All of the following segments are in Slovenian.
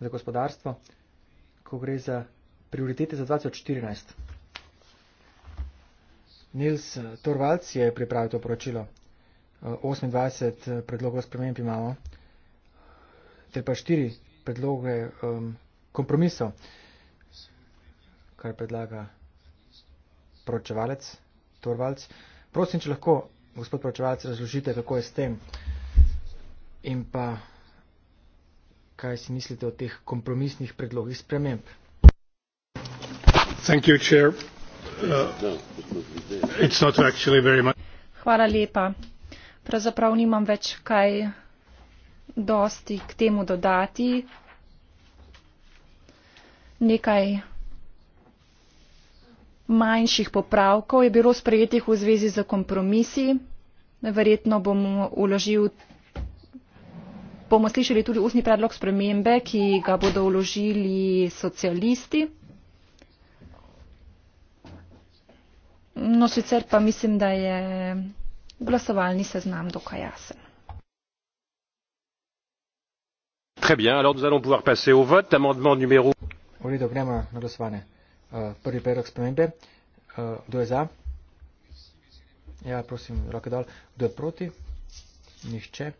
za gospodarstvo, ko gre za prioritete za 2014. Nils eh, Torvalc je pripravil to poročilo. 28 eh, eh, predlogov sprememb imamo, ter pa štiri predloge um, kompromisov, kar predlaga poročevalec Torvalc. Prosim, če lahko, gospod poročevalec, razložite, kako je s tem in pa kaj si mislite o teh kompromisnih predlogih sprememb. You, uh, Hvala lepa. Pravzaprav nimam več kaj dosti k temu dodati. Nekaj manjših popravkov je bilo sprejetih v zvezi z kompromisi. Verjetno bom uložil bomo slišali tudi ustni predlog spremembe, ki ga bodo vložili socialisti. No, sicer pa mislim, da je glasovalni seznam dokaj jasen. Très bien, alors nous allons pouvoir passer au vote. Amendement numéro. Oui, donc, nous allons eh, nous faire. Pour le père Xpemembe, 2A. Eh, Et à la ja, prochaine, Rokadal, 2 protis, Nishche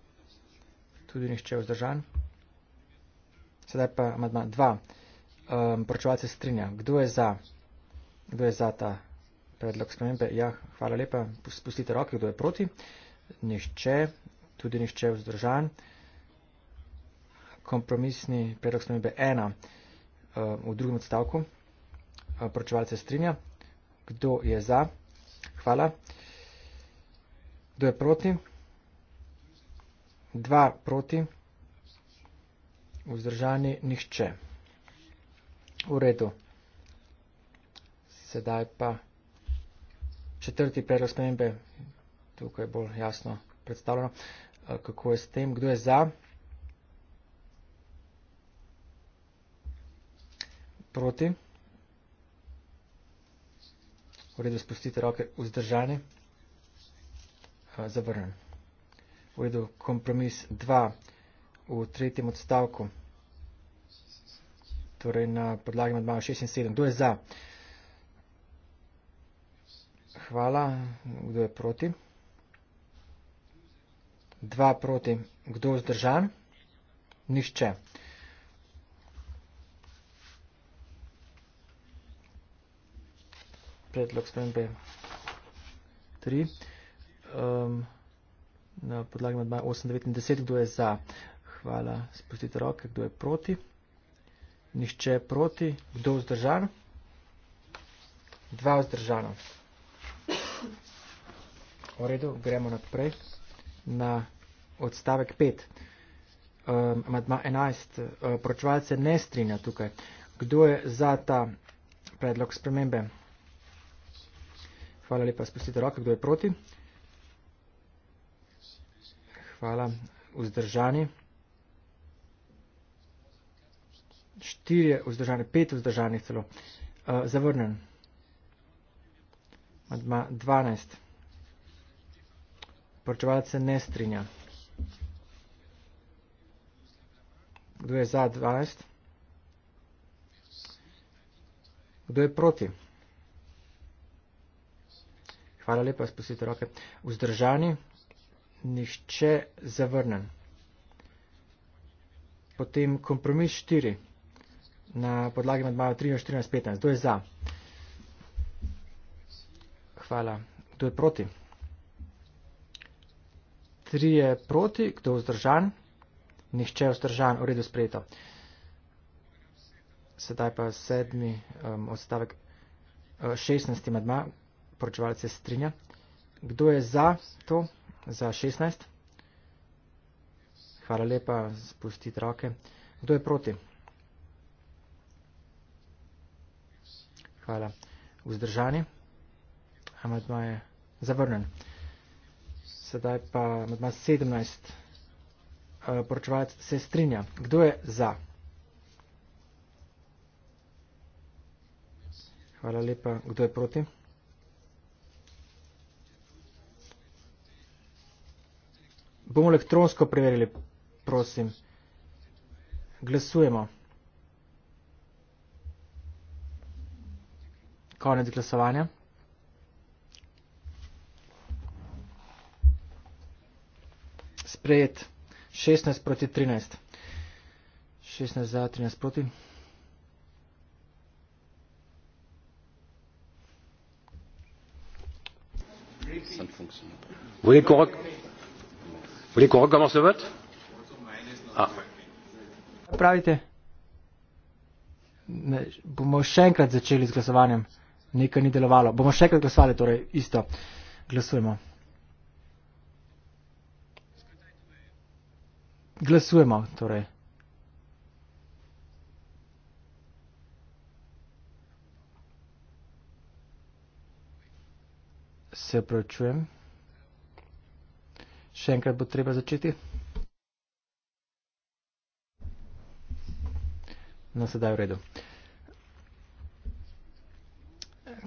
tudi nihče vzdržan. Sedaj pa amadma dva. Um, Pročevalce strinja. Kdo je za? Kdo je za ta predlog spremembe? Ja, hvala lepa. Spustite roke. Kdo je proti? Nihče, tudi nihče vzdržan. Kompromisni predlog spremembe ena um, v drugem odstavku. Um, Pročevalce strinja. Kdo je za? Hvala. Kdo je proti? 2 proti, vzdržani nihče. V redu. Sedaj pa četrti predlog spremembe, tukaj je bolj jasno predstavljeno, eh, kako je s tem, kdo je za. Proti. V redu, spustite roke, vzdržani. Eh, Zavrnem povedal kompromis 2 v tretjem odstavku, torej na podlagi med 2 in 6 in 7. Kdo je za? Hvala. Kdo je proti? Dva proti. Kdo vzdržan? Nišče. Predlog spremembe 3. Um, na podlagi med 8, 9 in 10, kdo je za. Hvala, spustite roke, kdo je proti. Nihče je proti, kdo vzdržan? Dva vzdržana. V redu, gremo naprej na odstavek 5. Amadma um, 11, eh, pročevalce ne strinja tukaj. Kdo je za ta predlog spremembe? Hvala lepa, spustite roke, kdo je proti hvala, vzdržani. Štirje vzdržani, pet vzdržanih celo. Uh, zavrnen. Madma 12. Poročevalec se ne strinja. Kdo je za 12? Kdo je proti? Hvala lepa, spustite roke. Vzdržani nihče zavrnen. Potem kompromis 4 na podlagi med malo 13.14.15. Kdo je za? Hvala. Kdo je proti? Tri je proti, kdo je vzdržan? Nihče je vzdržan, v redu sprejeto. Sedaj pa sedmi um, odstavek, 16. Uh, madma, poročevalce strinja. Kdo je za to? za 16. Hvala lepa, spustite roke. Kdo je proti? Hvala. Vzdržani. Amadma je zavrnen. Sedaj pa amadma 17. Eh, poročevalec se strinja. Kdo je za? Hvala lepa. Kdo je proti? Hvala lepa. Bomo elektronsko preverili, prosim. Glasujemo. Konec glasovanja. Sprejet 16 proti 13. 16 za, 13 proti. Oui, correct. Vli, koga ga imamo se vrt? Pravite? Ne, bomo še enkrat začeli z glasovanjem. Nekaj ni delovalo. Bomo še enkrat glasovali, torej isto. Glasujemo. Glasujemo, torej. Se opravičujem še enkrat bo treba začeti. No, sedaj v redu.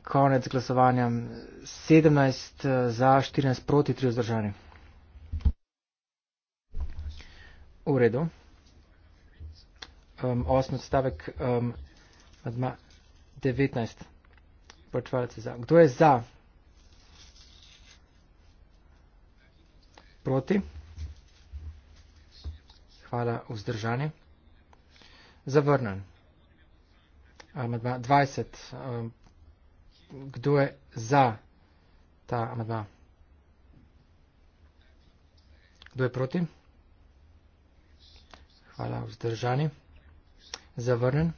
Konec glasovanja. 17 eh, za, 14 proti, 3 vzdržani. V redu. Um, osmi odstavek, um, 19. Počvalce za. Kdo je za? proti. Hvala, vzdržani. Zavrnen. Amadma 20. Um, kdo je za ta amadma? Kdo je proti? Hvala, vzdržani. Zavrnen.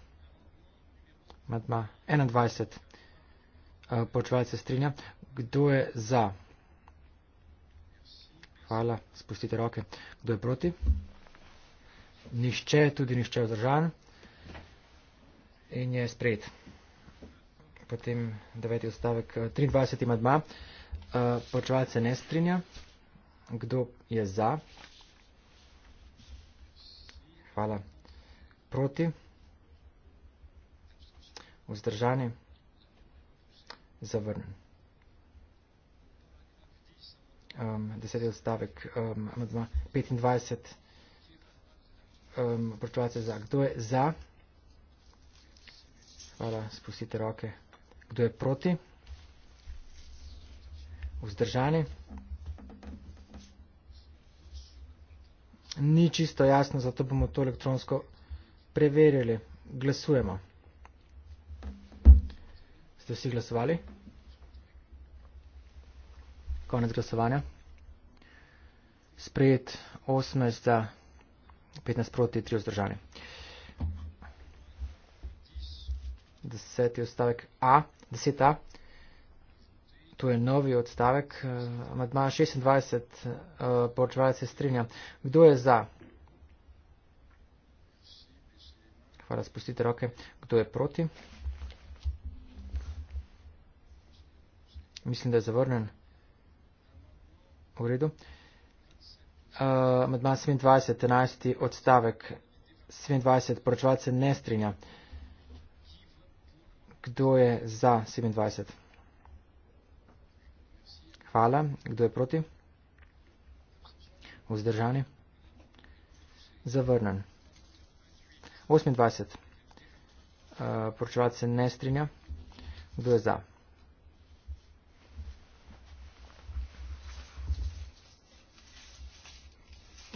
Amadma 21. Uh, Počevalce strinja. Kdo je za? Kdo je za? Hvala, spustite roke. Kdo je proti? Nišče, tudi nišče vzdržan. In je sprejet. Potem deveti odstavek, 23. madma. Počevalce se ne strinja. Kdo je za? Hvala. Proti? Vzdržani? Zavrnjen um, deseti odstavek um, amadma 25 um, proračunacije za. Kdo je za? Hvala, spustite roke. Kdo je proti? Vzdržani? Ni čisto jasno, zato bomo to elektronsko preverili. Glasujemo. Ste vsi glasovali? Konec glasovanja sprejet 18 za 15 proti 3 vzdržanje. Deseti odstavek A, 10A, to je novi odstavek, eh, amadma 26, eh, poročevalec se strinja. Kdo je za? Hvala, spustite roke. Kdo je proti? Mislim, da je zavrnen. V redu uh, med 27, 11 odstavek, 27 poročevalce se ne strinja. Kdo je za 27? Hvala. Kdo je proti? Vzdržani. Zavrnen. 28. Uh, poročevalce se ne strinja. Kdo je za?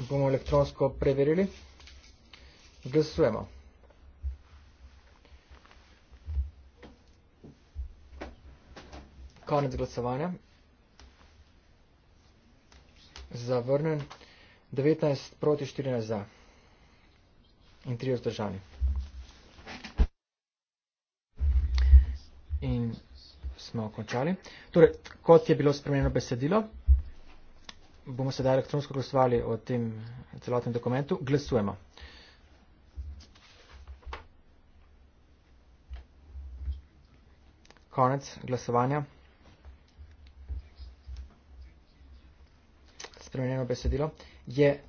bomo elektronsko preverili. Glasujemo. Konec glasovanja. Zavrnen. 19 proti 14 za. In 3 vzdržani. In smo končali. Torej, kot je bilo spremenjeno besedilo, bomo sedaj elektronsko glasovali o tem celotnem dokumentu. Glasujemo. Konec glasovanja. Spremenjeno besedilo. Je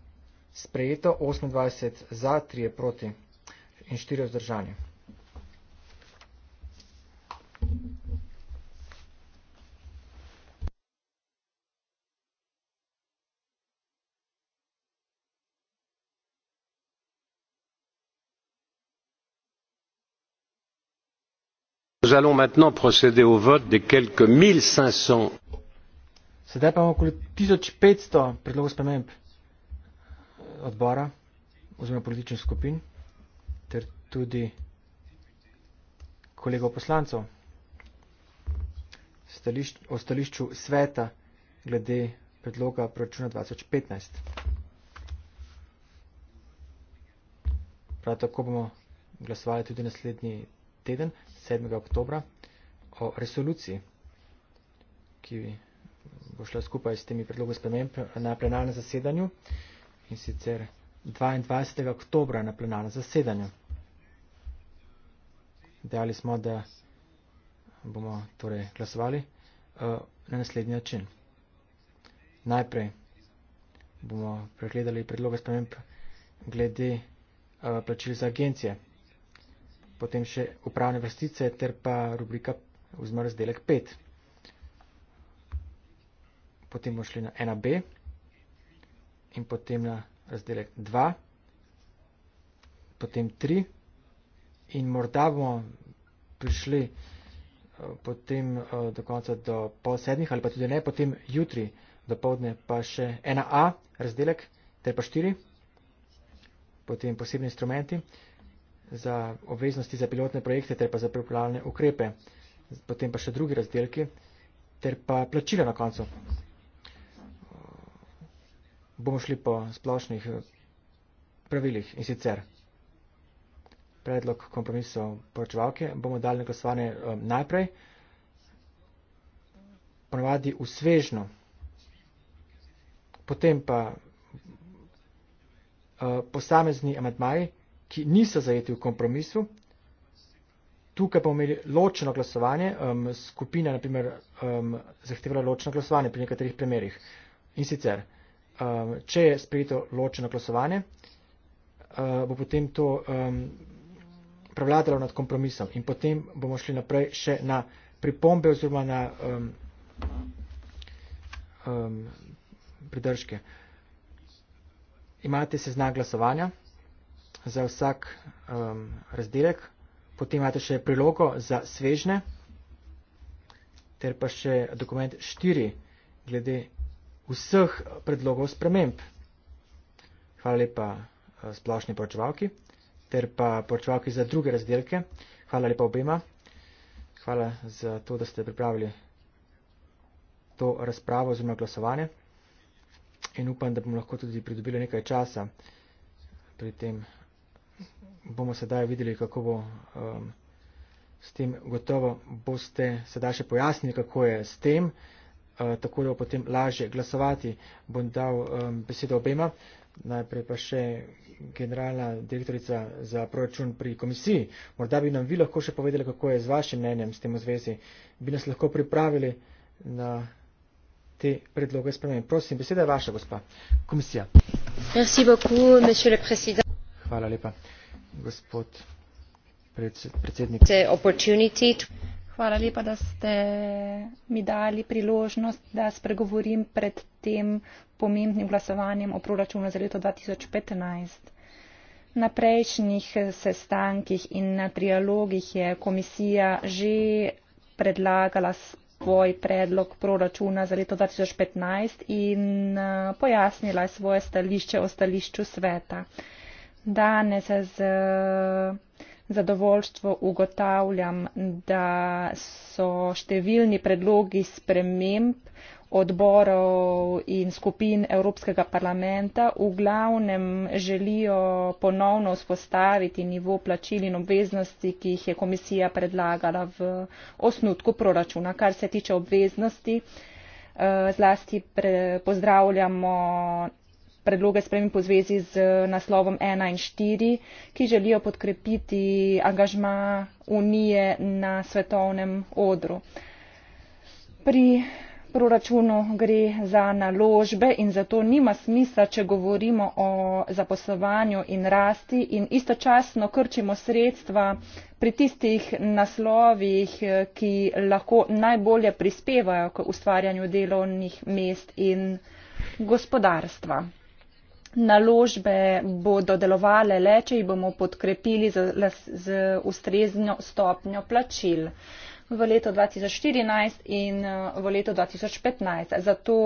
sprejeto 28 za, 3 proti in 4 vzdržanje. nous allons maintenant procéder au vote des quelque mille cinq cents eh, kolegov poslancev stališč, o stališču sveta glede predloga proračuna 2015. Prav tako bomo glasovali tudi naslednji teden. 7. oktobra o resoluciji, ki bo šla skupaj s temi predlogi sprememb na plenarnem zasedanju in sicer 22. oktobra na plenarnem zasedanju. Dejali smo, da bomo torej glasovali eh, na naslednji način. Najprej bomo pregledali predloge sprememb glede eh, plačil za agencije potem še upravne vrstice ter pa rubrika vzmer razdelek 5. Potem bomo šli na 1b in potem na razdelek 2, potem 3 in morda bomo prišli eh, potem eh, do konca do pol sedmih ali pa tudi ne, potem jutri do povdne pa še 1a razdelek ter pa 4, potem posebni instrumenti za obveznosti za pilotne projekte ter pa za preplavne ukrepe, potem pa še drugi razdelki ter pa plačila na koncu. Bomo šli po splošnih eh, pravilih in sicer predlog kompromisov poročevalke bomo dali na glasovanje eh, najprej, ponovadi v svežno, potem pa eh, posamezni amadmaji, ki niso zajeti v kompromisu. Tukaj bomo imeli ločeno glasovanje, um, skupina naprimer um, zahtevala ločeno glasovanje pri nekaterih primerjih. In sicer, um, če je sprejeto ločeno glasovanje, uh, bo potem to um, prevladalo nad kompromisom in potem bomo šli naprej še na pripombe oziroma na um, um, pridržke. Imate seznam glasovanja za vsak um, razdelek. Potem imate še prilogo za svežne, ter pa še dokument 4 glede vseh predlogov sprememb. Hvala lepa uh, splošni poročevalki ter pa poročevalki za druge razdelke. Hvala lepa obema. Hvala za to, da ste pripravili to razpravo oziroma glasovanje. In upam, da bom lahko tudi pridobila nekaj časa pri tem bomo sedaj videli, kako bo um, s tem. Gotovo boste sedaj še pojasnili, kako je s tem, uh, tako da bo potem lažje glasovati. Bom dal um, besedo obema. Najprej pa še generalna direktorica za proračun pri komisiji. Morda bi nam vi lahko še povedali, kako je z vašim mnenjem s tem v zvezi. Bi nas lahko pripravili na te predloge spremenjen. Prosim, beseda je vaša, gospa. Komisija. Merci beaucoup, monsieur le président. Hvala lepa. Gospod predsednik. Hvala lepa, da ste mi dali priložnost, da spregovorim pred tem pomembnim glasovanjem o proračunu za leto 2015. Na prejšnjih sestankih in na trialogih je komisija že predlagala svoj predlog proračuna za leto 2015 in eh, pojasnila svoje stališče o stališču sveta danes z zadovoljstvo ugotavljam, da so številni predlogi sprememb odborov in skupin Evropskega parlamenta v glavnem želijo ponovno vzpostaviti nivo plačil in obveznosti, ki jih je komisija predlagala v osnutku proračuna. Kar se tiče obveznosti, eh, zlasti pozdravljamo predloge spremem po zvezi z eh, naslovom 1 in 4, ki želijo podkrepiti angažma Unije na svetovnem odru. Pri proračunu gre za naložbe in zato nima smisla, če govorimo o zaposlovanju in rasti in istočasno krčimo sredstva pri tistih naslovih, eh, ki lahko najbolje prispevajo k ustvarjanju delovnih mest in gospodarstva naložbe bodo delovale le, če jih bomo podkrepili z, z ustrezno stopnjo plačil v letu 2014 in v letu 2015. Zato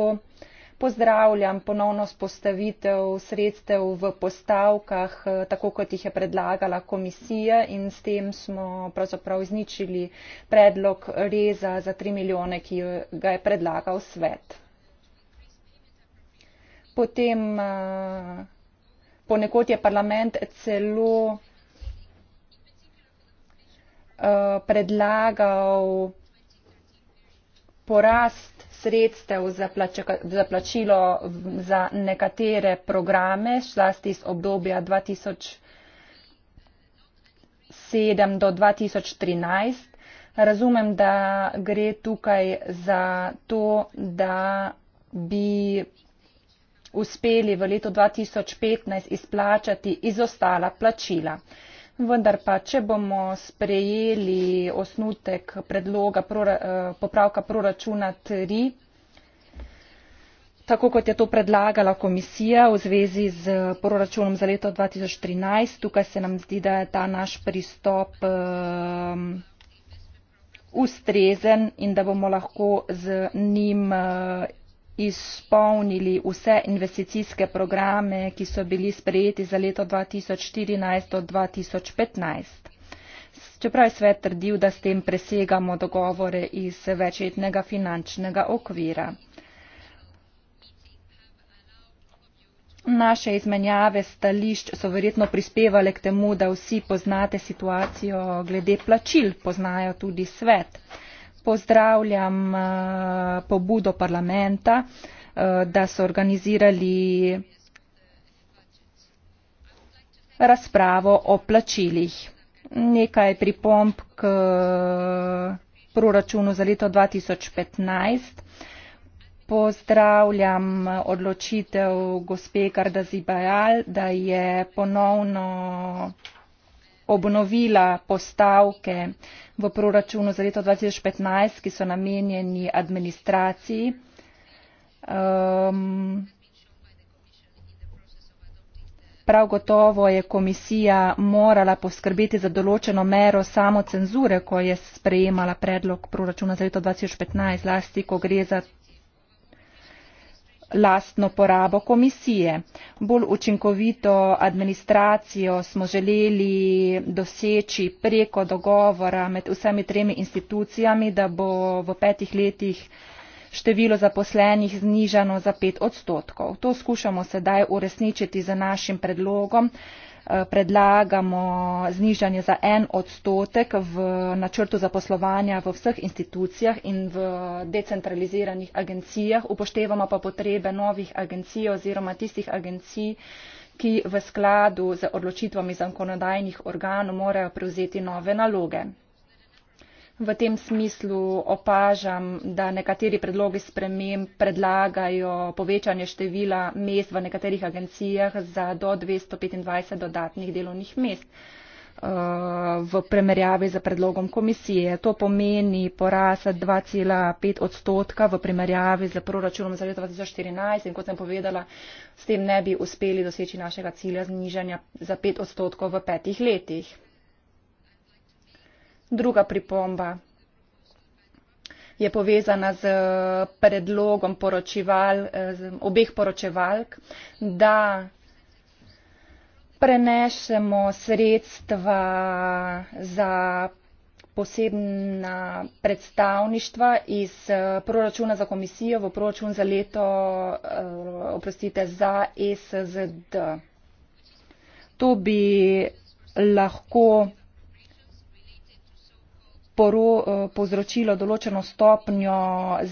pozdravljam ponovno spostavitev sredstev v postavkah, tako kot jih je predlagala komisija in s tem smo pravzaprav izničili predlog reza za 3 milijone, ki ga je predlagal svet potem eh, ponekod je parlament celo eh, predlagal porast sredstev za, plače, za plačilo za nekatere programe, šlasti iz obdobja 2007 do 2013. Razumem, da gre tukaj za to, da bi uspeli v letu 2015 izplačati izostala plačila. Vendar pa, če bomo sprejeli osnutek predloga eh, popravka proračuna 3, tako kot je to predlagala komisija v zvezi z proračunom za leto 2013, tukaj se nam zdi, da je ta naš pristop um, ustrezen in da bomo lahko z njim. Uh, izpolnili vse investicijske programe, ki so bili sprejeti za leto 2014 do 2015. Čeprav je svet trdil, da s tem presegamo dogovore iz večletnega finančnega okvira. Naše izmenjave stališč so verjetno prispevale k temu, da vsi poznate situacijo glede plačil, poznajo tudi svet pozdravljam eh, pobudo parlamenta, eh, da so organizirali razpravo o plačilih. Nekaj pripomb k eh, proračunu za leto 2015. Pozdravljam odločitev gospe Gardazibajal, da je ponovno obnovila postavke v proračunu za leto 2015, ki so namenjeni administraciji. Um, prav gotovo je komisija morala poskrbeti za določeno mero samocenzure, ko je sprejemala predlog proračuna za leto 2015, lasti, ko gre za lastno porabo komisije. Bolj učinkovito administracijo smo želeli doseči preko dogovora med vsemi tremi institucijami, da bo v petih letih število zaposlenih znižano za pet odstotkov. To skušamo sedaj uresničiti z našim predlogom, Eh, predlagamo znižanje za en odstotek v načrtu zaposlovanja v vseh institucijah in v decentraliziranih agencijah, upoštevamo pa potrebe novih agencij oziroma tistih agencij, ki v skladu z odločitvami zakonodajnih organov morajo prevzeti nove naloge v tem smislu opažam, da nekateri predlogi spremem predlagajo povečanje števila mest v nekaterih agencijah za do 225 dodatnih delovnih mest eh, v primerjavi z predlogom komisije. To pomeni porast 2,5 odstotka v primerjavi z proračunom za leto 2014 in kot sem povedala, s tem ne bi uspeli doseči našega cilja znižanja za 5 odstotkov v petih letih. Druga pripomba je povezana z eh, predlogom poročival, eh, z obeh poročevalk, da prenešemo sredstva za posebna predstavništva iz eh, proračuna za komisijo v proračun za leto, oprostite, za ESZD. To bi lahko poro, eh, povzročilo določeno stopnjo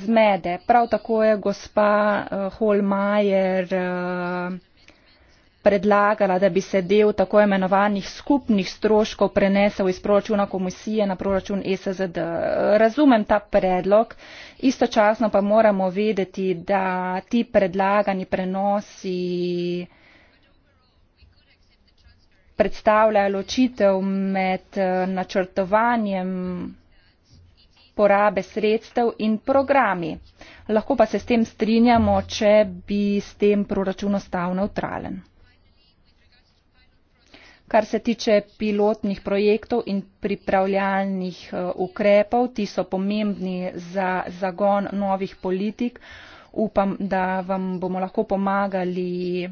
zmede. Prav tako je gospa eh, Holmajer eh, predlagala, da bi se del tako imenovanih skupnih stroškov prenesel iz proračuna komisije na proračun SZD. Razumem ta predlog, istočasno pa moramo vedeti, da ti predlagani prenosi predstavljajo ločitev med eh, načrtovanjem porabe sredstev in programi. Lahko pa se s tem strinjamo, če bi s tem proračun ostal neutralen. Kar se tiče pilotnih projektov in pripravljalnih eh, ukrepov, ti so pomembni za zagon novih politik. Upam, da vam bomo lahko pomagali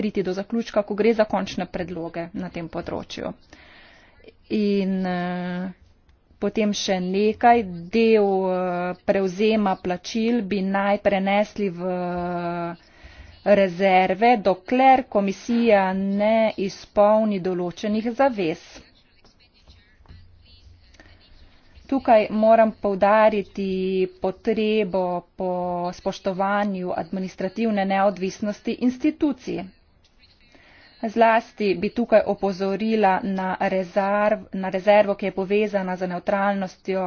priti do zaključka, ko gre za končne predloge na tem področju. In eh, potem še nekaj, del eh, prevzema plačil bi naj prenesli v eh, rezerve, dokler komisija ne izpolni določenih zavez. Tukaj moram povdariti potrebo po spoštovanju administrativne neodvisnosti institucije. Zlasti bi tukaj opozorila na, rezerv, na rezervo, ki je povezana z neutralnostjo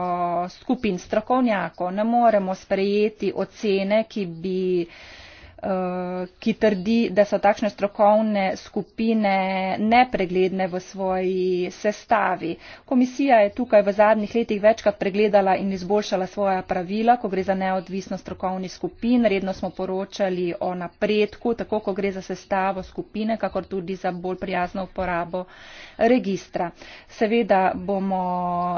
skupin strokovnjakov. Ne moremo sprejeti ocene, ki bi uh, Eh, ki trdi, da so takšne strokovne skupine nepregledne v svoji sestavi. Komisija je tukaj v zadnjih letih večkrat pregledala in izboljšala svoja pravila, ko gre za neodvisno strokovni skupin. Redno smo poročali o napredku, tako ko gre za sestavo skupine, kakor tudi za bolj prijazno uporabo registra. Seveda bomo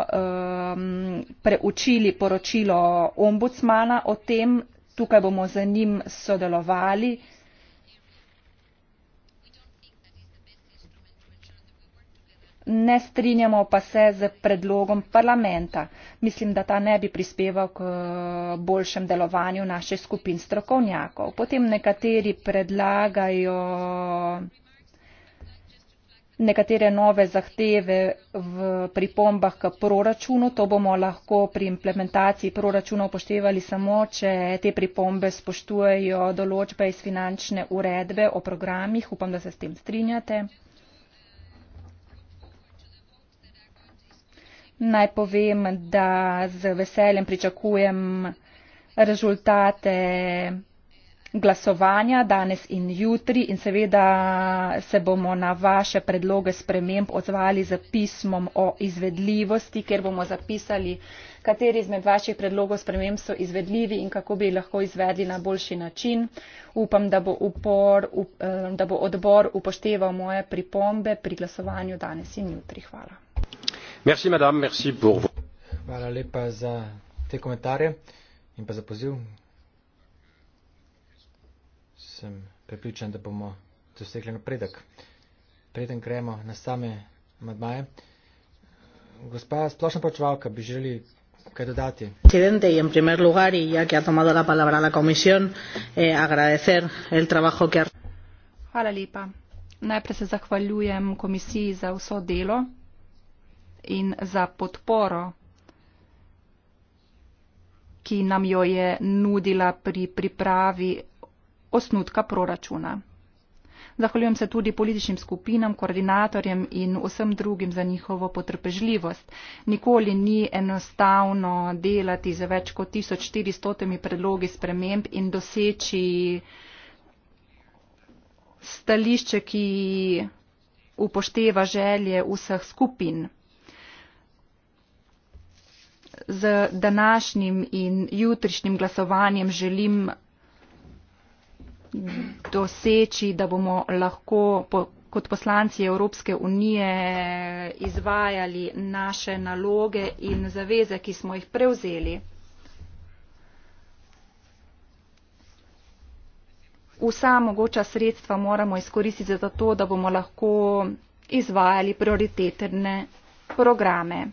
um, preučili poročilo ombudsmana o tem tukaj bomo za njim sodelovali. Ne strinjamo pa se z predlogom parlamenta. Mislim, da ta ne bi prispeval k boljšem delovanju naših skupin strokovnjakov. Potem nekateri predlagajo nekatere nove zahteve v pripombah k proračunu. To bomo lahko pri implementaciji proračuna upoštevali samo, če te pripombe spoštujejo določbe iz finančne uredbe o programih. Upam, da se s tem strinjate. Naj povem, da z veseljem pričakujem rezultate glasovanja danes in jutri in seveda se bomo na vaše predloge sprememb odzvali z pismom o izvedljivosti, ker bomo zapisali, kateri izmed vaših predlogov sprememb so izvedljivi in kako bi jih lahko izvedli na boljši način. Upam, da bo, upor, up, eh, da bo odbor upošteval moje pripombe pri glasovanju danes in jutri. Hvala. Merci, madame, merci pour... Hvala lepa za te komentarje in pa za poziv sem pripričan, da bomo dosegli napredek. Preden gremo na same madmaje. Gospa splošna počevalka, bi želi kaj dodati? Presidente, in v primer lugar, in ja, ki ha tomado la palabra la komisión, eh, agradecer el trabajo, ki ha. Hvala lepa. Najprej se zahvaljujem komisiji za vso delo in za podporo, ki nam jo je nudila pri pripravi osnutka proračuna. Zahvaljujem se tudi političnim skupinam, koordinatorjem in vsem drugim za njihovo potrpežljivost. Nikoli ni enostavno delati za več kot 1400 predlogi sprememb in doseči stališče, ki upošteva želje vseh skupin. Z današnjim in jutrišnjim glasovanjem želim doseči, da bomo lahko po, kot poslanci Evropske unije izvajali naše naloge in zaveze, ki smo jih prevzeli. Vsa mogoča sredstva moramo izkoristiti za to, da bomo lahko izvajali prioritetne programe.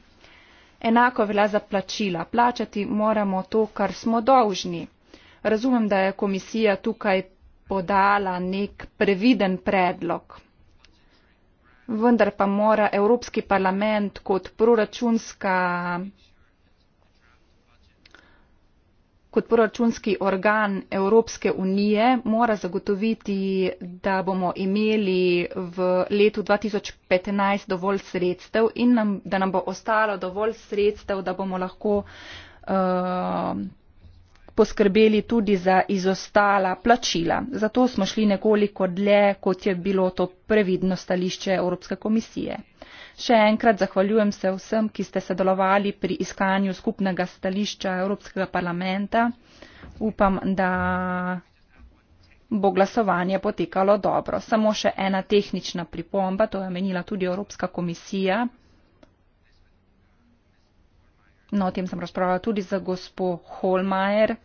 Enako velja za plačila. Plačati moramo to, kar smo dolžni. Razumem, da je komisija tukaj podala nek previden predlog. Vendar pa mora Evropski parlament kot proračunska kot proračunski organ Evropske unije mora zagotoviti, da bomo imeli v letu 2015 dovolj sredstev in nam, da nam bo ostalo dovolj sredstev, da bomo lahko uh, poskrbeli tudi za izostala plačila. Zato smo šli nekoliko dlje, kot je bilo to previdno stališče Evropske komisije. Še enkrat zahvaljujem se vsem, ki ste sodelovali pri iskanju skupnega stališča Evropskega parlamenta. Upam, da bo glasovanje potekalo dobro. Samo še ena tehnična pripomba, to je menila tudi Evropska komisija. No, o tem sem razpravljala tudi za gospo Holmajer.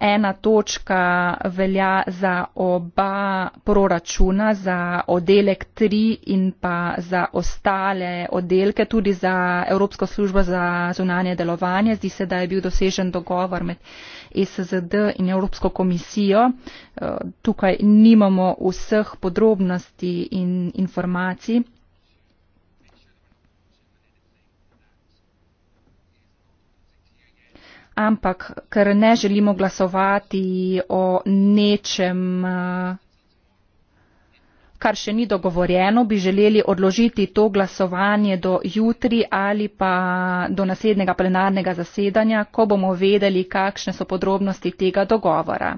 Ena točka velja za oba proračuna, za oddelek 3 in pa za ostale oddelke, tudi za Evropsko službo za zunanje delovanje. Zdi se, da je bil dosežen dogovor med SZD in Evropsko komisijo. Eh, tukaj nimamo vseh podrobnosti in informacij. ampak ker ne želimo glasovati o nečem, eh, kar še ni dogovorjeno, bi želeli odložiti to glasovanje do jutri ali pa do naslednjega plenarnega zasedanja, ko bomo vedeli, kakšne so podrobnosti tega dogovora.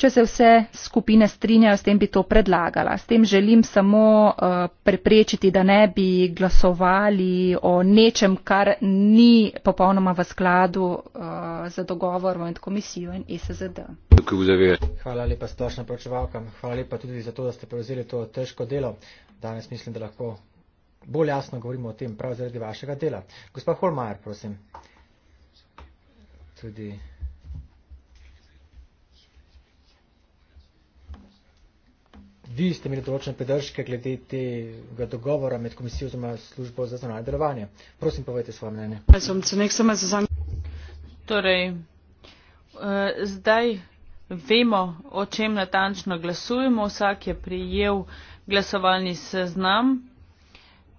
Če se vse skupine strinjajo, s tem bi to predlagala. S tem želim samo uh, preprečiti, da ne bi glasovali o nečem, kar ni popolnoma v skladu uh, eh, za dogovor med komisijo in SZD. Hvala lepa splošna pročevalka. Hvala lepa tudi za to, da ste prevzeli to težko delo. Danes mislim, da lahko bolj jasno govorimo o tem prav zaradi vašega dela. Gospa Holmajer, prosim. Tudi. vi ste imeli določene predržke glede tega dogovora med komisijo oziroma službo za zanonalne delovanje. Prosim, povejte svoje mnenje. Torej, eh, zdaj vemo, o čem natančno glasujemo. Vsak je prijel glasovalni seznam.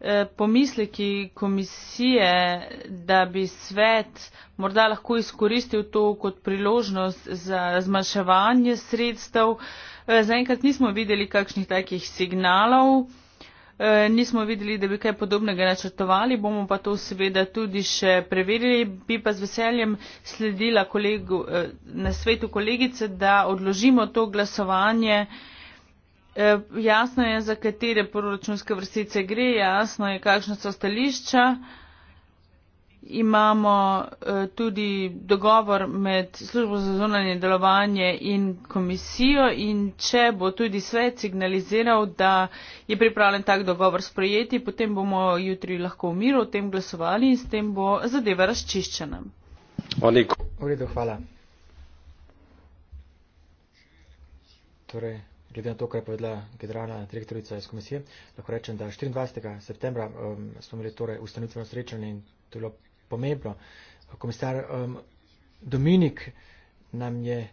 Eh, pomisleki komisije, da bi svet morda lahko izkoristil to kot priložnost za zmanjševanje sredstev, Eh, zaenkrat nismo videli kakšnih takih signalov, eh, nismo videli, da bi kaj podobnega načrtovali, bomo pa to seveda tudi še preverili. Bi pa z veseljem sledila kolegu, eh, na svetu kolegice, da odložimo to glasovanje. Jasno je, za katere proračunske vrstice gre, jasno je, kakšne so stališča imamo eh, tudi dogovor med službo za zunanje delovanje in komisijo in če bo tudi svet signaliziral, da je pripravljen tak dogovor sprejeti, potem bomo jutri lahko v miru o tem glasovali in s tem bo zadeva razčiščena. V redu, hvala. Torej, glede na to, kar je povedala generalna direktorica iz komisije, lahko rečem, da 24. septembra um, smo imeli torej ustanovitveno srečanje in to je bilo pomembno. Komisar um, Dominik nam je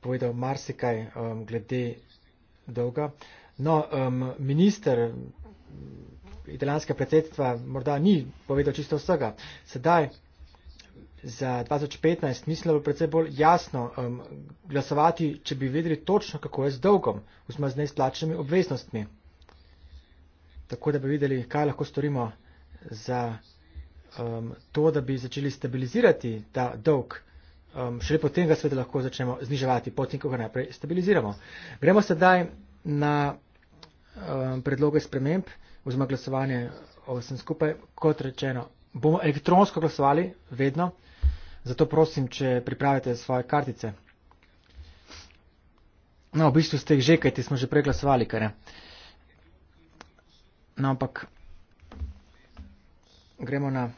povedal marsikaj um, glede dolga. No, um, minister italijanskega predsedstva morda ni povedal čisto vsega. Sedaj za 2015 mislim, da bo predvsej bolj jasno um, glasovati, če bi vedeli točno, kako je z dolgom, vzma z neizplačenimi obveznostmi. Tako da bi videli, kaj lahko storimo za um, to, da bi začeli stabilizirati ta dolg, um, šele potem ga seveda lahko začnemo zniževati, potem, ko ga najprej stabiliziramo. Gremo sedaj na um, predloge sprememb oziroma glasovanje o vsem skupaj. Kot rečeno, bomo elektronsko glasovali vedno, zato prosim, če pripravite svoje kartice. No, v bistvu ste jih že, kajti smo že preglasovali, kaj ne. No, ampak gremo na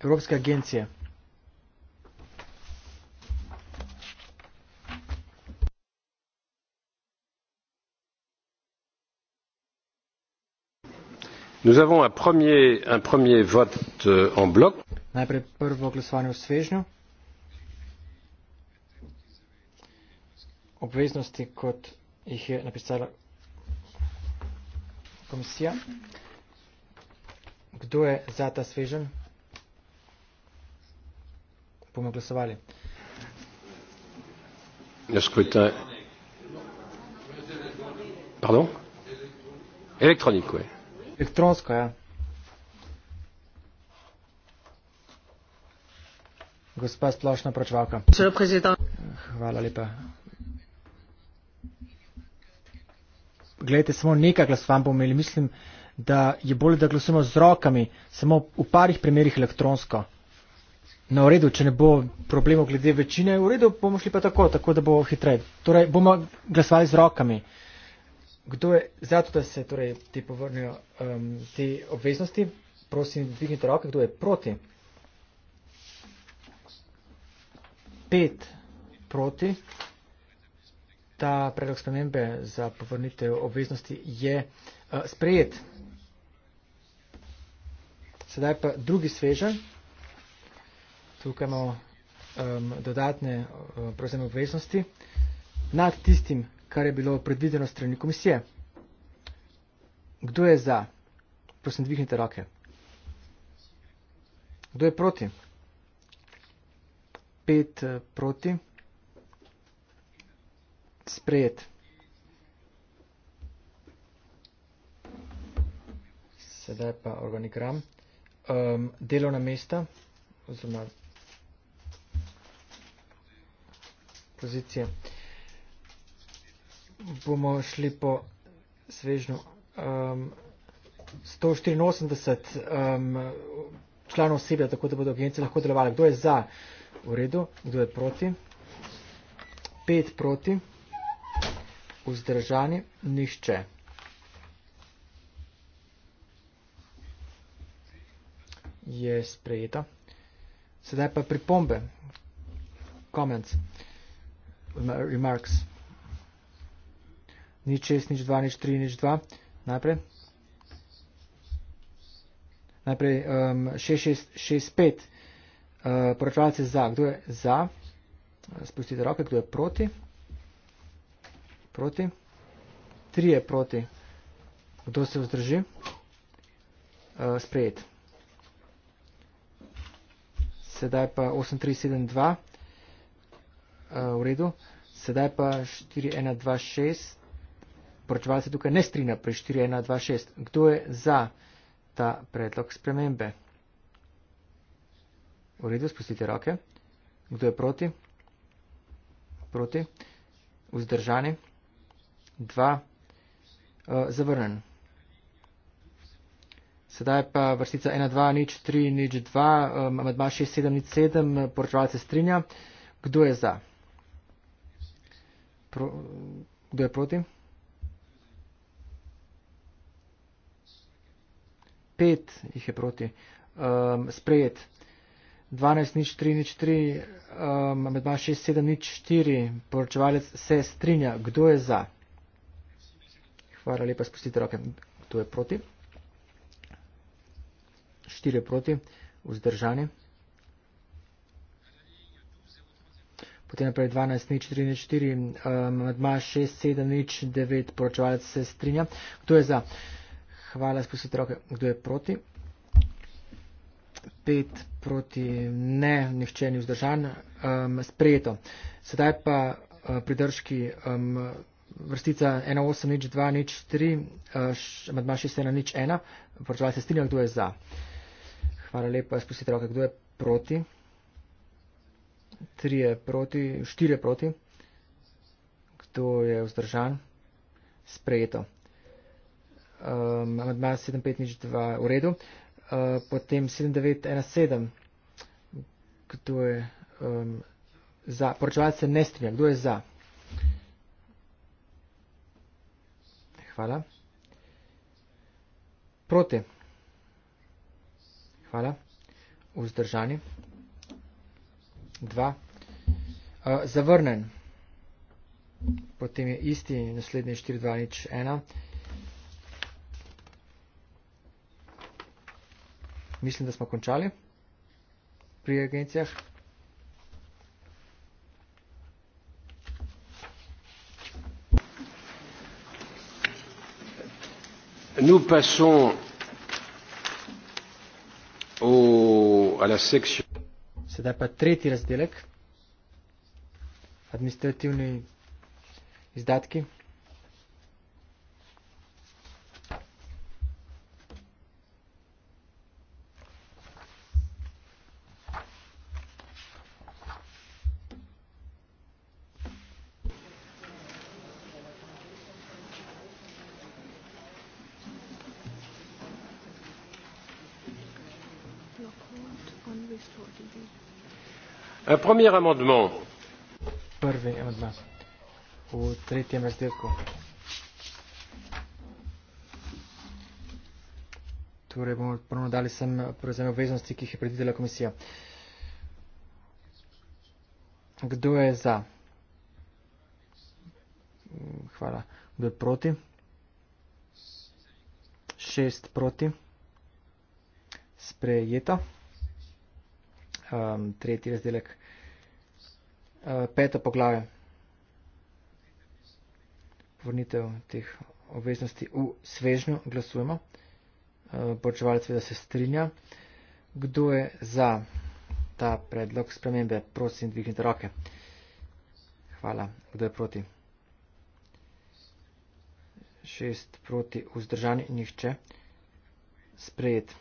Evropske agencije. Nous avons un premier, un premier vote euh, en bloc. Obveznosti, kot jih je napisala komisija. Kdo je za ta svežen? Bomo glasovali. Je skrutin. Pardon? Elektronik, ja. Elektronsko, ja. Gospa splošna pročvalka. Hvala lepa. Glejte, samo nekaj glasovanj bomo imeli. Mislim, uh, da je bolje, da glasujemo z rokami, samo v parih primerjih elektronsko. Na no, uredu, če ne bo problemov glede večine, v uredu bomo šli pa tako, tako da bo hitreje. Torej, bomo glasovali z rokami. Kdo je za to, da se torej, ti povrnijo um, te obveznosti? Prosim, dvignite roke, kdo je proti. Pet proti. Ta predlog spremembe za povrnitev obveznosti je uh, sprejet. Sedaj pa drugi svežen. Tukaj imamo um, dodatne uh, obveznosti nad tistim, kar je bilo predvideno strani komisije. Kdo je za? Prosim, dvignite roke. Kdo je proti? Pet uh, proti. Sprejet. Sedaj pa organigram um, delovna mesta oziroma pozicije, bomo šli po svežnju um, 184 um, članov osebja, tako da bodo agencije lahko delovali. Kdo je za? V redu. Kdo je proti? Pet proti. Vzdržani. Nihče. je sprejeta. Sedaj pa pripombe, comments, remarks. Nič 6, nič 2, nič 3, nič 2. Najprej. Najprej 665. Um, uh, Poračevalec je za. Kdo je za? Spustite roke. Kdo je proti? Proti. 3 je proti. Kdo se vzdrži? Uh, sprejet sedaj pa 8372, uh, eh, v redu, sedaj pa 4126, poročeval se tukaj ne strina pri 4126. Kdo je za ta predlog spremembe? V redu, spustite roke. Kdo je proti? Proti. Vzdržani. Dva. Uh, eh, zavrnen. Sedaj pa vrstica 1, 2, nič, 3, nič, 2, um, med 2, 6, 7, nič, 7, poročevalce strinja. Kdo je za? Pro, kdo je proti? 5 jih je proti. Um, sprejet. 12, nič, 3, nič, 3, um, med 2, 6, 7, nič, 4, poročevalec se strinja. Kdo je za? Hvala lepa, spustite roke. Kdo je proti? 4 proti, vzdržani. Potem naprej 12 nič, 3 nič, 4, madma 6, 7 nič, 9, poročevalec se strinja. Kdo je za? Hvala, spustite roke. Kdo je proti? 5 proti, ne, nihče ni vzdržan, um, sprejeto. Sedaj pa uh, pridržki um, vrstica 1, 8 nič, 2 nič, 3, uh, madma 6, 1 nič, 1, poročevalec se strinja, kdo je za? Hvala lepa, spustite roke, kdo je proti? Tri je proti, štiri je proti. Kdo je vzdržan? Sprejeto. Um, amadma 7502 v redu. Uh, potem 7917. Kdo je um, za? Poročevalce se ne strinja. Kdo je za? Hvala. Proti. Hvala. Vzdržani. Dva. Uh, zavrnen. Potem je isti naslednji 4, 2, nič, 1. Mislim, da smo končali pri agencijah. Nous passons à la section. Sedaj pa tretji razdelek, administrativni izdatki. premier amendement torej bomo ponovno dali sem prevzeme obveznosti, ki jih je predvidela komisija. Kdo je za? Hvala. Kdo je proti? Šest proti. Sprejeta. Um, ehm, tretji razdelek. Eh, peto poglavje. Vrnitev teh obveznosti v svežnjo glasujemo. Eh, poročevalec seveda se strinja. Kdo je za ta predlog spremembe? Prosim, dvignite roke. Hvala. Kdo je proti? Šest proti vzdržani, nihče. Sprejet.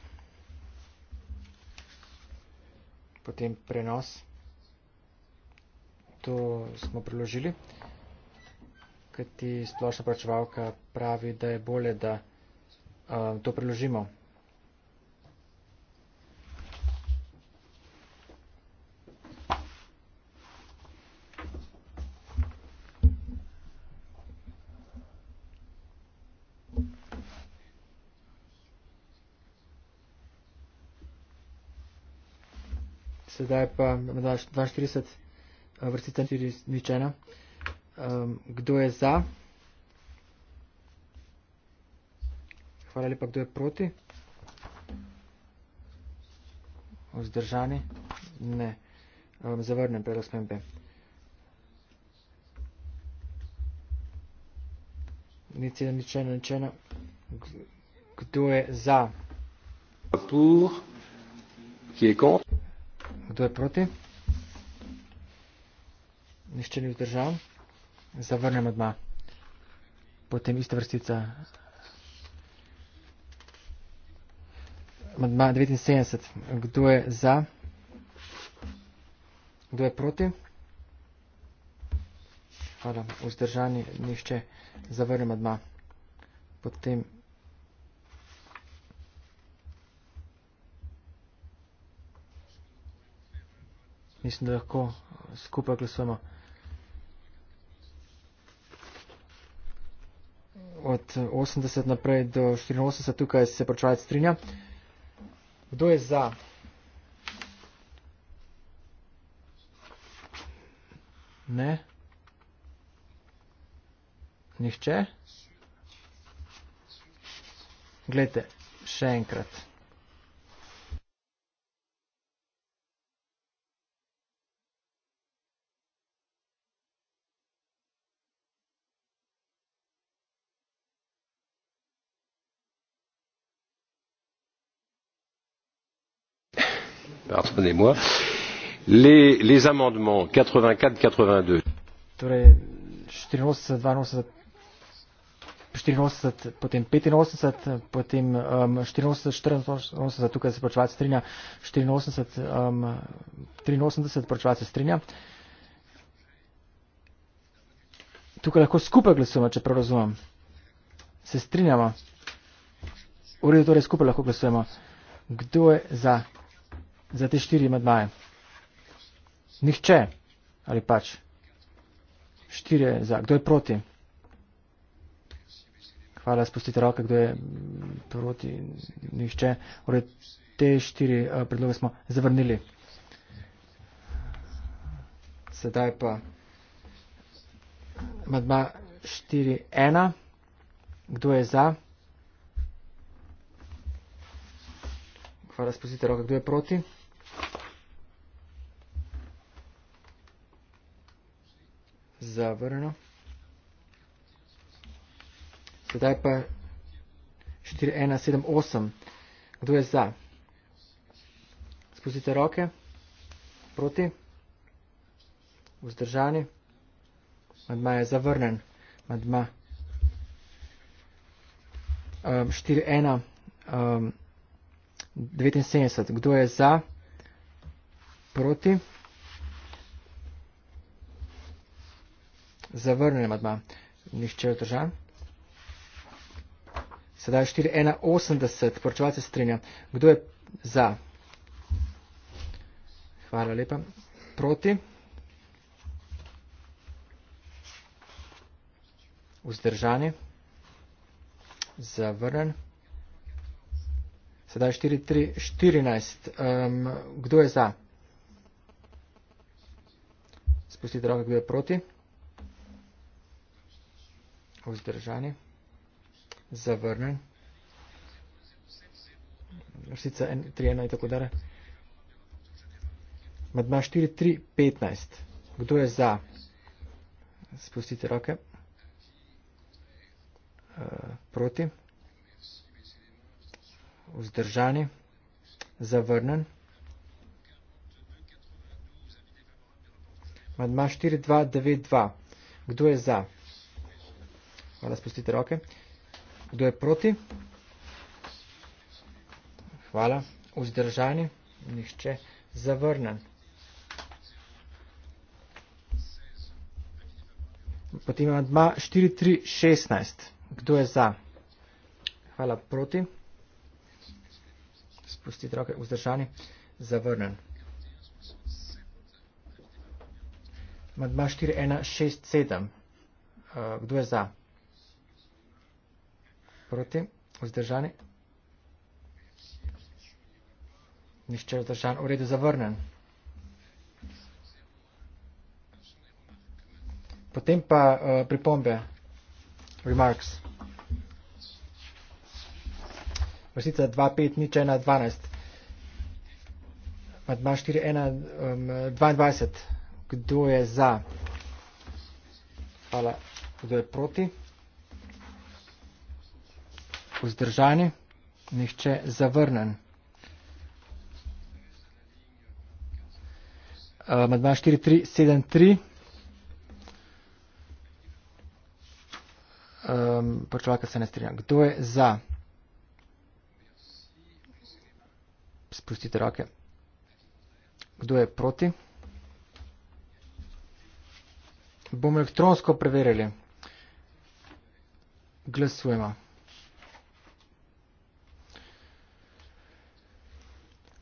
Potem prenos to smo priložili, kajti splošna pračevalka pravi, da je bolje, da um, to priložimo. Sedaj pa 42 vrstica 4 nič ena. Um, kdo je za? Hvala lepa, kdo je proti? Vzdržani? Ne. Um, zavrnem predlog spembe. Nič ena, nič ena, nič ena. Kdo je za? Pour, qui est contre Kdo je proti? nišče ni vzdržal, zavrnem odma. Potem ista vrstica. Madma 79. Kdo je za? Kdo je proti? Hvala. Vzdržani nišče. Zavrnem odma. Potem mislim, da lahko skupaj glasujemo. od 80 naprej do 84, tukaj se pročajec strinja. Kdo je za? Ne. Nihče? Glejte, še enkrat. pardonnez moi les, les amendements quatre vingt quatre quatre vingt deux torej štiriinosemdeset dvainosemdeset štiriinosemdeset potem petinosemdeset potem um, štiriinosemdeset štiriinosemdeset tukaj se poročevalce strinja štiriinosemdeset um, triinosemdeset poročevalce strinja tukaj lahko skupaj glasujemo če prav razumem se strinjamo v redu torej skupaj lahko glasujemo kdo je za za te štiri amadmaje. Nihče ali pač štirje za. Kdo je proti? Hvala, spustite roke, kdo je proti. Nihče. Ure, torej, te štiri uh, predloge smo zavrnili. Sedaj pa amadma 4.1. Kdo je za? Hvala, spustite roke, kdo je proti. zavrno. Sedaj pa 4178. Kdo je za? Spustite roke. Proti. Vzdržani. Madma je zavrnen. Madma. Um, 4179. Um, Kdo je za? Proti. zavrnili madma. Nihče vzdržan. Sedaj 4.1.80. Poročevalc se strinja. Kdo je za? Hvala lepa. Proti? Vzdržani? Zavrnen. Sedaj 4.3.14. Um, kdo je za? Spustite roke, kdo je proti? vzdržani, zavrnen, vrstica 3.1 in tako dalje. Madma 4.3.15. Kdo je za? Spustite roke. Eh, proti. Vzdržani, zavrnen. Madma 4.2.9.2. Kdo je za? Spustite roke. Hvala, spustite roke. Kdo je proti? Hvala. Vzdržani? Nihče. Zavrnen. Potem imamo 2, 4, 3, 16. Kdo je za? Hvala, proti. Spustite roke. Vzdržani? Zavrnen. Madma 4167. Eh, kdo je za? proti vzdržani. Nihče vzdržan, v redu zavrnen. Potem pa uh, pripombe, remarks. Vrstica 2.5, nič 1, 12. Matma 4, 1, um, 22. Kdo je za? Hvala. Kdo je proti? vzdržani, nihče zavrnen. Amadma 4373. Počevalka se ne strinja. Kdo je za? Spustite roke. Kdo je proti? Bomo elektronsko preverili. Glasujemo.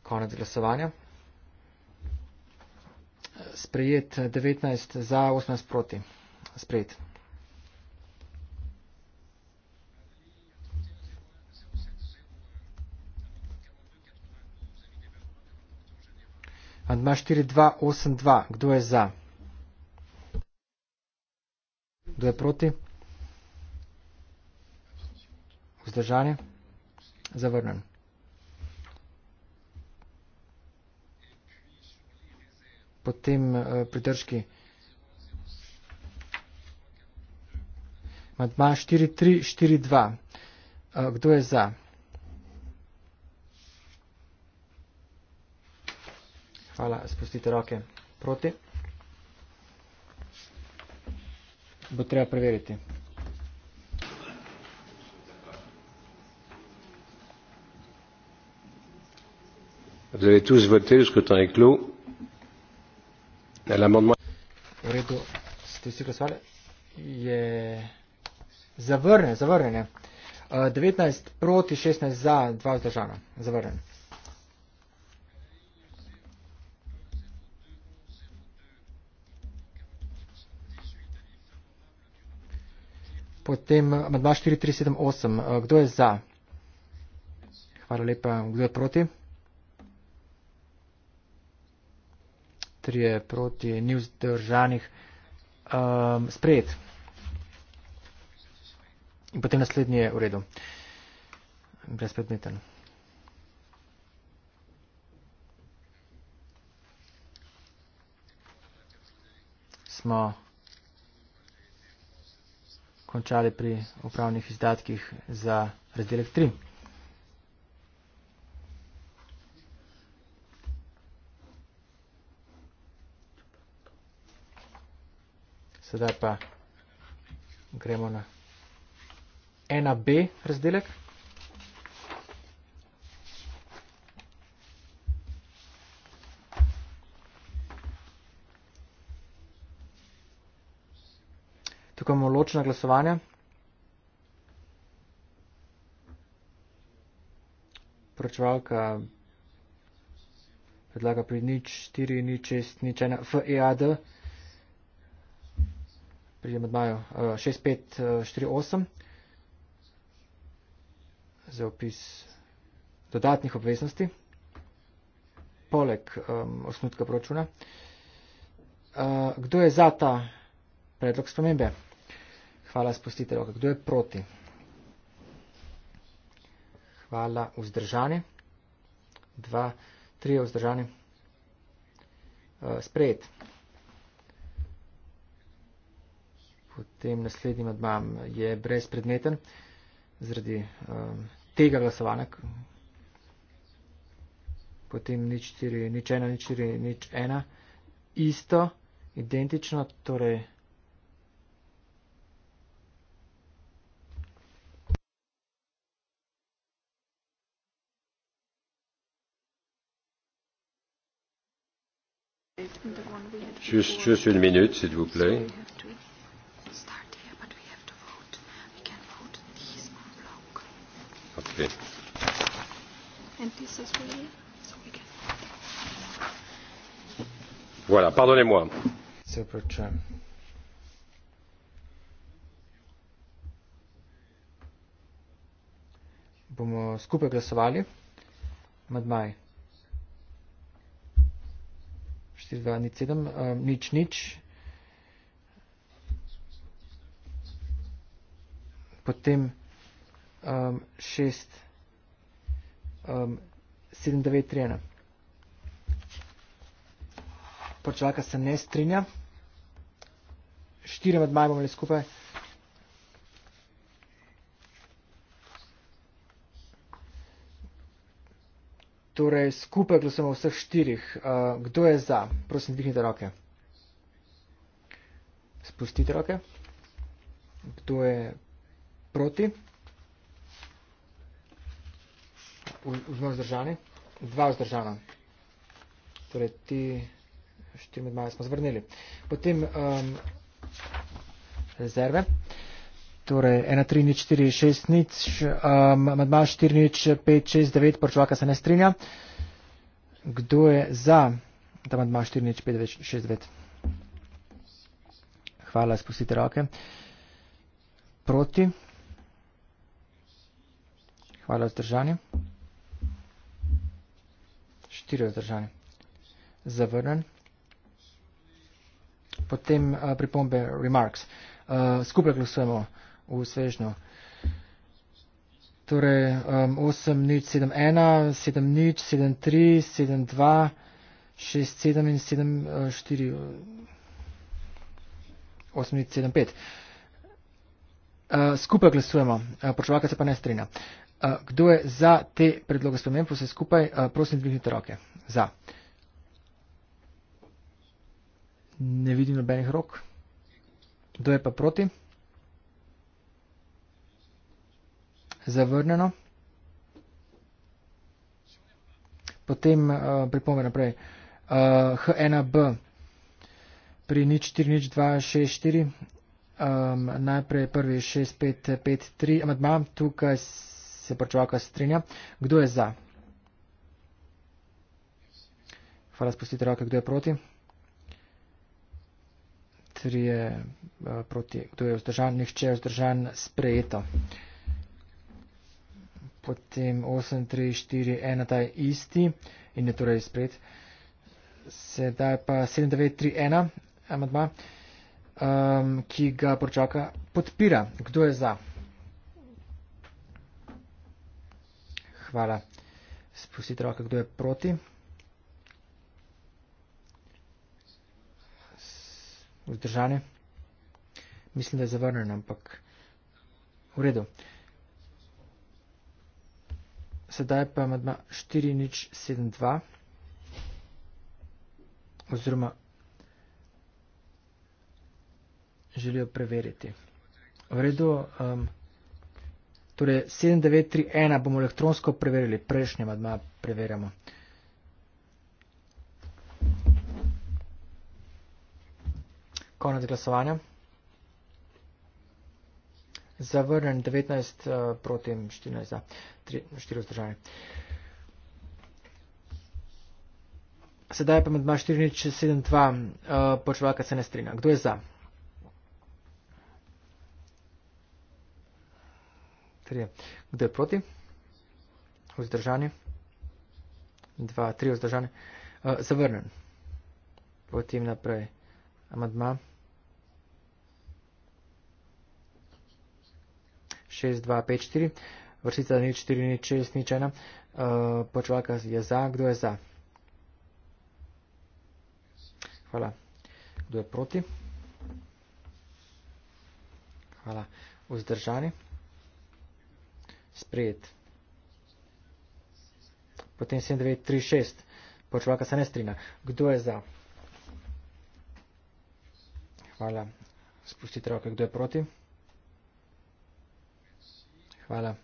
konec glasovanja. Sprejet 19 za 18 proti. Sprejet. Andma 4282. Kdo je za? Kdo je proti? Vzdržanje? Zavrnjen. potem eh, pridržki. Madma 4.3.4.2. Eh, kdo je za? Hvala, spustite roke. Proti? Bo treba preveriti. Vous avez tous voté de ce que temps est clos. L'amendement. Je zavrnen, zavrnen je. Uh, eh, 19 proti 16 za, 2 vzdržano. Zavrnen. Potem amadma 4378. Uh, kdo je za? Hvala lepa. Kdo je proti? trije proti ni vzdržanih um, sprejet. In potem naslednji je v redu. Brezpredmeten. Smo končali pri upravnih izdatkih za razdelek 3. Sedaj pa gremo na 1B razdelek. Tukaj imamo ločena glasovanja. Pročevalka predlaga pri nič 4, nič 6, nič 1, FEAD pri amadmaju 6548 eh, eh, za opis dodatnih obveznosti poleg um, osnutka proračuna. Uh, kdo je za ta predlog spremembe? Hvala spustitelj. Kdo je proti? Hvala vzdržani. Dva, tri vzdržani. Uh, sprejet. potem naslednji madma je brezpredmeten zaradi um, tega glasovanja. Potem nič 4, nič 1, nič 4, nič 1. Isto, identično, torej. Juste une minute, s'il vous plaît. cerkvi. Voilà, pardonnez-moi. Bomo skupaj glasovali. Madmaj. 4, 2, nič, 7, um, eh, nič, nič. Potem um, 6, um, 7, 9, 3, 1. Počaka se ne strinja. Štiri med maj bomo le skupaj. Torej, skupaj glasujemo vseh štirih. Uh, kdo je za? Prosim, dvignite roke. Spustite roke. Kdo je proti? vzmem vzdržani, dva vzdržana. Torej, ti štiri med smo zvrnili. Potem um, rezerve. Torej, 1, 3, nič, 4, 6, nič, um, med maja 4, nič, 5, 6, 9, porčovaka se ne strinja. Kdo je za, da med maja 4, nič, 5, 9, 6, 9? Hvala, spustite roke. Proti. Hvala za držanje. 4 vzdržani. Zavrnen. Potem uh, pripombe remarks. Uh, skupaj glasujemo v svežno. Torej, um, 8 nič 7 1, 7 nič 7 3, 7 2, 6 7 in 7 uh, 4, 8 nič 7 5. Uh, skupaj glasujemo, uh, eh, počevalka se pa ne strinja. Uh, Eh, kdo je za te predloge spomenpo vse skupaj, eh, prosim, dvignite roke. Za. Ne vidim nobenih rok. Kdo je pa proti? Zavrneno. Potem eh, pripome naprej. H1B pri nič 4, nič 2, 6, 4. Najprej prvi 6, 5, 5, 3. Amadma, tukaj se pa čovaka strinja. Kdo je za? Hvala, spustite roke, kdo je proti? Tri je uh, eh, proti, kdo je vzdržan, nihče je vzdržan, sprejeto. Potem 8, 3, 4, 1, ta je isti in je torej sprejet. Sedaj pa 7, 9, 3, 1, amadma, um, ki ga počaka, podpira. Kdo je za? hvala. Spustite roke, kdo je proti. Vzdržane. Mislim, da je zavrnjen, ampak v redu. Sedaj pa ima 4 nič 7 2. Oziroma želijo preveriti. V redu. Um, Torej, 7931 bomo elektronsko preverili, prejšnjem adma preverjamo. Konec glasovanja. Zavrnen 19 uh, eh, proti 14 za 4 vzdržanje. Sedaj pa med 2, 4, 7, 2, uh, počevalka se ne strinja. Kdo je za? 3. Kdo je proti? Vzdržani. 2, 3 vzdržani. Uh, eh, zavrnen. Potem naprej. Amadma. 6, 2, 5, 4. Vrstica ni 4, ni 6, ni 1. Uh, eh, počvalka je za. Kdo je za? Hvala. Kdo je proti? Hvala. Vzdržani sprejet. Potem 7936, počvaka se ne strina. Kdo je za? Hvala. Spustite roke, kdo je proti? Hvala.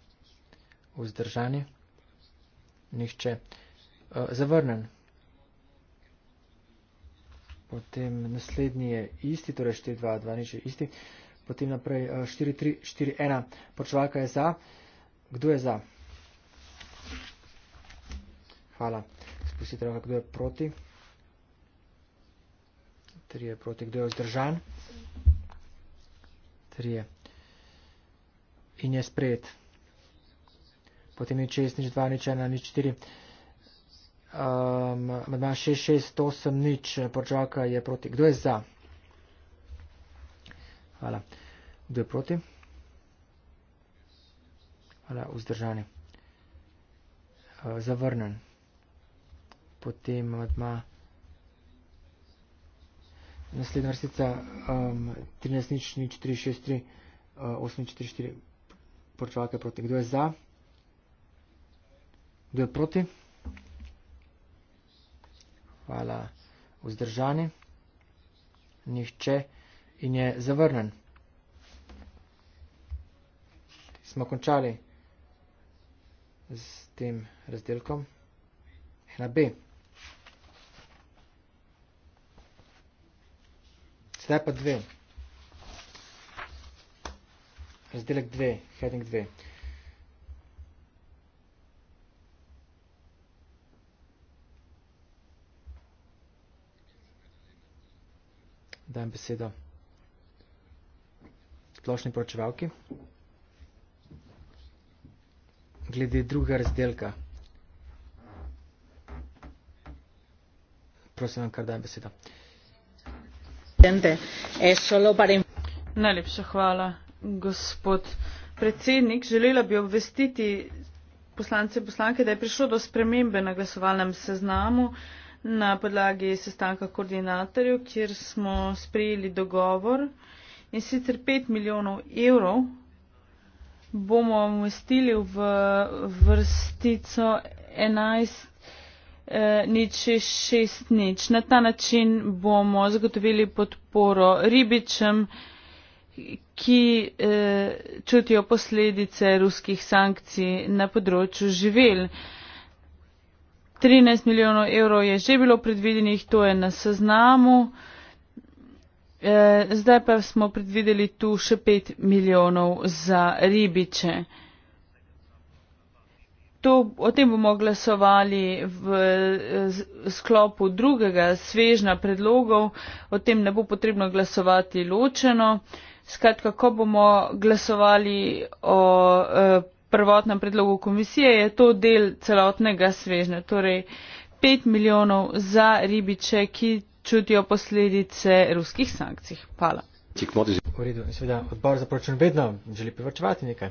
Vzdržani? Nihče. Eh, zavrnen. Potem naslednji je isti, torej 4-2-2, nič je isti. Potem naprej 4-3-4-1, eh, počvaka je za. Kdo je za? Hvala. Spustite roke, kdo je proti? Tri je proti. Kdo je vzdržan? Tri je. In je sprejet. Potem nič 6, nič 2, nič 1, um, nič 4. Med um, 6, 6, 8, nič. Poročavka je proti. Kdo je za? Hvala. Kdo je proti? ali vzdržani, eh, zavrnen. Potem odma naslednja vrstica um, 13 nič, nič, 3, 6, 3, 8, 4, 4, porčevake proti. Kdo je za? Kdo je proti? Hvala. Vzdržani. Nihče. In je zavrnen. Smo končali z tem razdelkom 1b. Sedaj pa dve. Razdelek dve, heading dve. Dajem besedo. Tlošni poročevalki. Tlošni poročevalki glede druga razdelka. Prosim, kar dajem besedo. Najlepša hvala, gospod predsednik. Želela bi obvestiti poslance in poslanke, da je prišlo do spremembe na glasovalnem seznamu na podlagi sestanka koordinatorjev, kjer smo sprejeli dogovor in sicer 5 milijonov evrov bomo umestili v vrstico 11 eh, nič 6 nič. Na ta način bomo zagotovili podporo ribičem, ki eh, čutijo posledice ruskih sankcij na področju živel. 13 milijonov evrov je že bilo predvidenih, to je na seznamu. Eh, zdaj pa smo predvideli tu še 5 milijonov za ribiče. To, o tem bomo glasovali v sklopu drugega svežna predlogov, o tem ne bo potrebno glasovati ločeno. Skratka, ko bomo glasovali o eh, prvotnem predlogu komisije, je to del celotnega svežna, torej 5 milijonov za ribiče, ki čutijo posledice ruskih sankcij. Hvala. V redu, seveda odbor za proračun vedno želi privrčevati nekaj.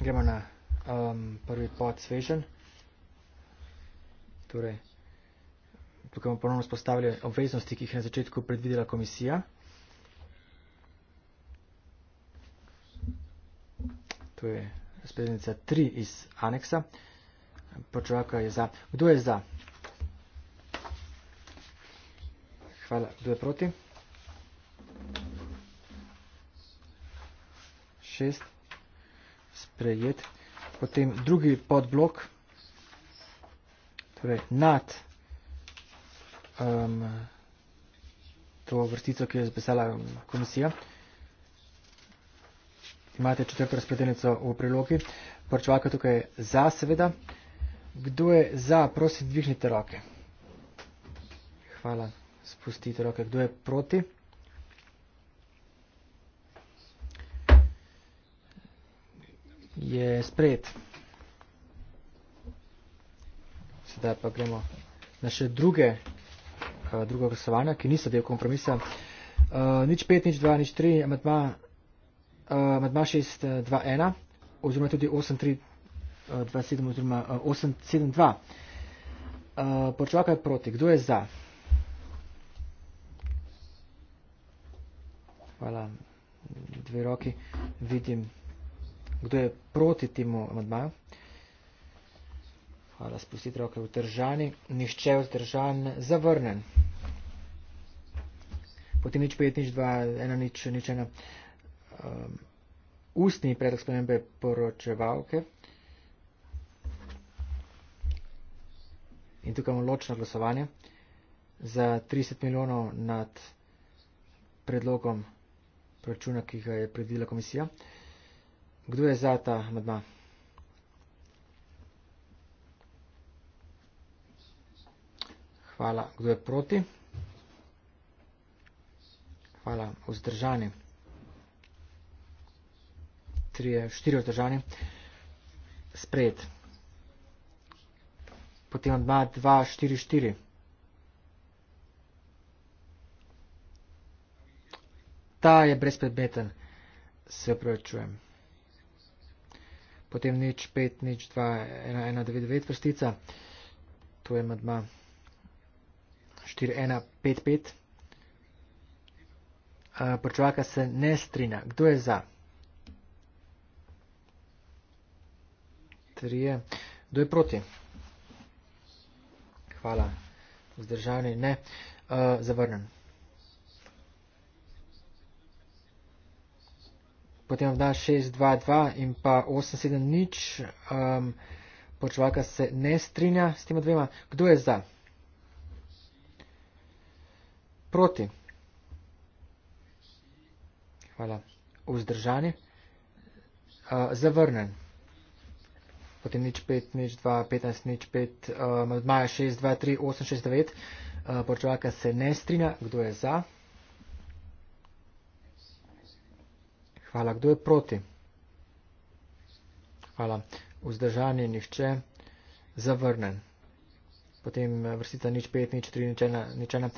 Gremo na um, prvi pod svežen. Torej, tukaj bomo ponovno spostavili obveznosti, ki jih je na začetku predvidela komisija. To je spredenica 3 iz aneksa. Počevalka je za. Kdo je za? Hvala. Kdo je proti? Šest. Sprejet. Potem drugi podblok. Torej, nad um, to vrstico, ki jo je zapisala um, komisija. Imate četrto razpredeljnico v prilogi. Poročevalka tukaj je za, seveda. Kdo je za, prosim, dvihnite roke. Hvala spustite roke. Kdo je proti? Je sprejet. Sedaj pa gremo na še druge, eh, druga glasovanja, ki niso del kompromisa. Uh, nič 5, nič 2, nič 3, amatma 6, 2, 1, oziroma tudi 8, 3, 2, 7, oziroma 8, 7, 2. Uh, Počakaj proti. Kdo je za? Hvala. Dve roki. Vidim, kdo je proti temu amadmaju. Hvala. Spustite roke v držani. Nihče v držan zavrnen. Potem nič pet, nič dva, ena, nič, nič ena. Um, ustni predlog spremembe poročevalke. In tukaj imamo ločno glasovanje za 30 milijonov nad predlogom proračuna, ki ga je predvidela komisija. Kdo je za ta amadma? Hvala. Kdo je proti? Hvala. Vzdržani. Trije, štiri vzdržani. Sprejet. Potem amadma 244. ta je brezpredmeten, se pravičujem. Potem nič, pet, nič, dva, ena, ena, devet, devet vrstica, to je madma, štiri, ena, pet, pet. Počvaka se ne strina. Kdo je za? Trije. Kdo je proti? Hvala. Zdržavni ne. Uh, zavrnem. potem da 6-2-2 in pa 8-7 nič. Um, počvaka se ne strinja s tema dvema. Kdo je za? Proti. Hvala. Vzdržani. Uh, zavrnen. Potem nič 5, nič 2, 15, nič 5, um, uh, maja 6, 2, 3, 8, 6, 9. Uh, Počvaka se ne strinja. Kdo je za? Hvala. Kdo je proti? Hvala. Vzdržanje nihče. Zavrnen. Potem eh, vrstita nič pet, nič tri, nič ena, nič ena.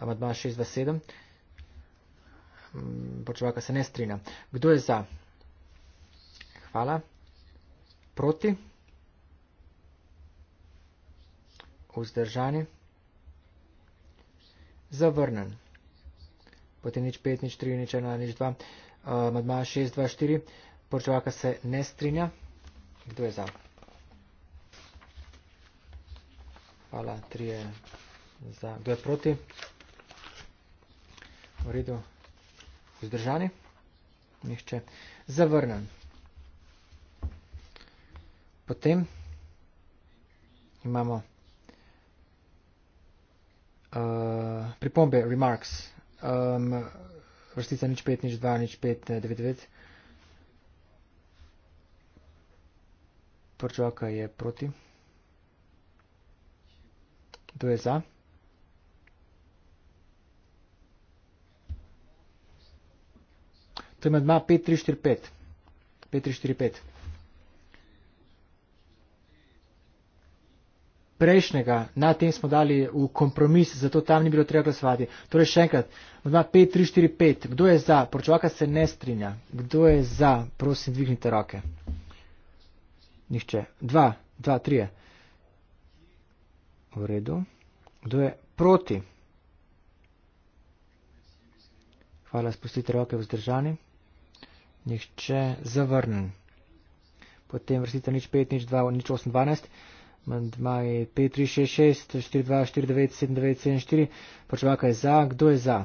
Amadma šest v sedem. Mm, Počevaka se ne strina. Kdo je za? Hvala. Proti? Vzdržanje. Zavrnen. Potem nič pet, nič tri, nič ena, nič dva. Madmaja 6.2.4. Poročevalka se ne strinja. Kdo je za? Hvala, tri je za. Kdo je proti? V redu. Vzdržani? Nihče. Zavrnen. Potem imamo eh, pripombe, remarks vrstica nič pet, nič dva, nič pet, eh, devet, devet. Prčaka je proti. Kdo je za? To je med ma 5, 3, 4, 5. 5, 3, 4, 5. prejšnjega, na tem smo dali v kompromis, zato tam ni bilo treba glasovati. Torej še enkrat, 5, 3, 4, 5, kdo je za, poročovaka se ne strinja, kdo je za, prosim, dvignite roke. Nihče. 2, 2, 3. V redu. Kdo je proti? Hvala, spustite roke vzdržani. Nihče zavrnen. Potem vrstite nič 5, nič 2, nič 8, 12 amandmaje 5366-4249-7974. Počevaka je za, kdo je za?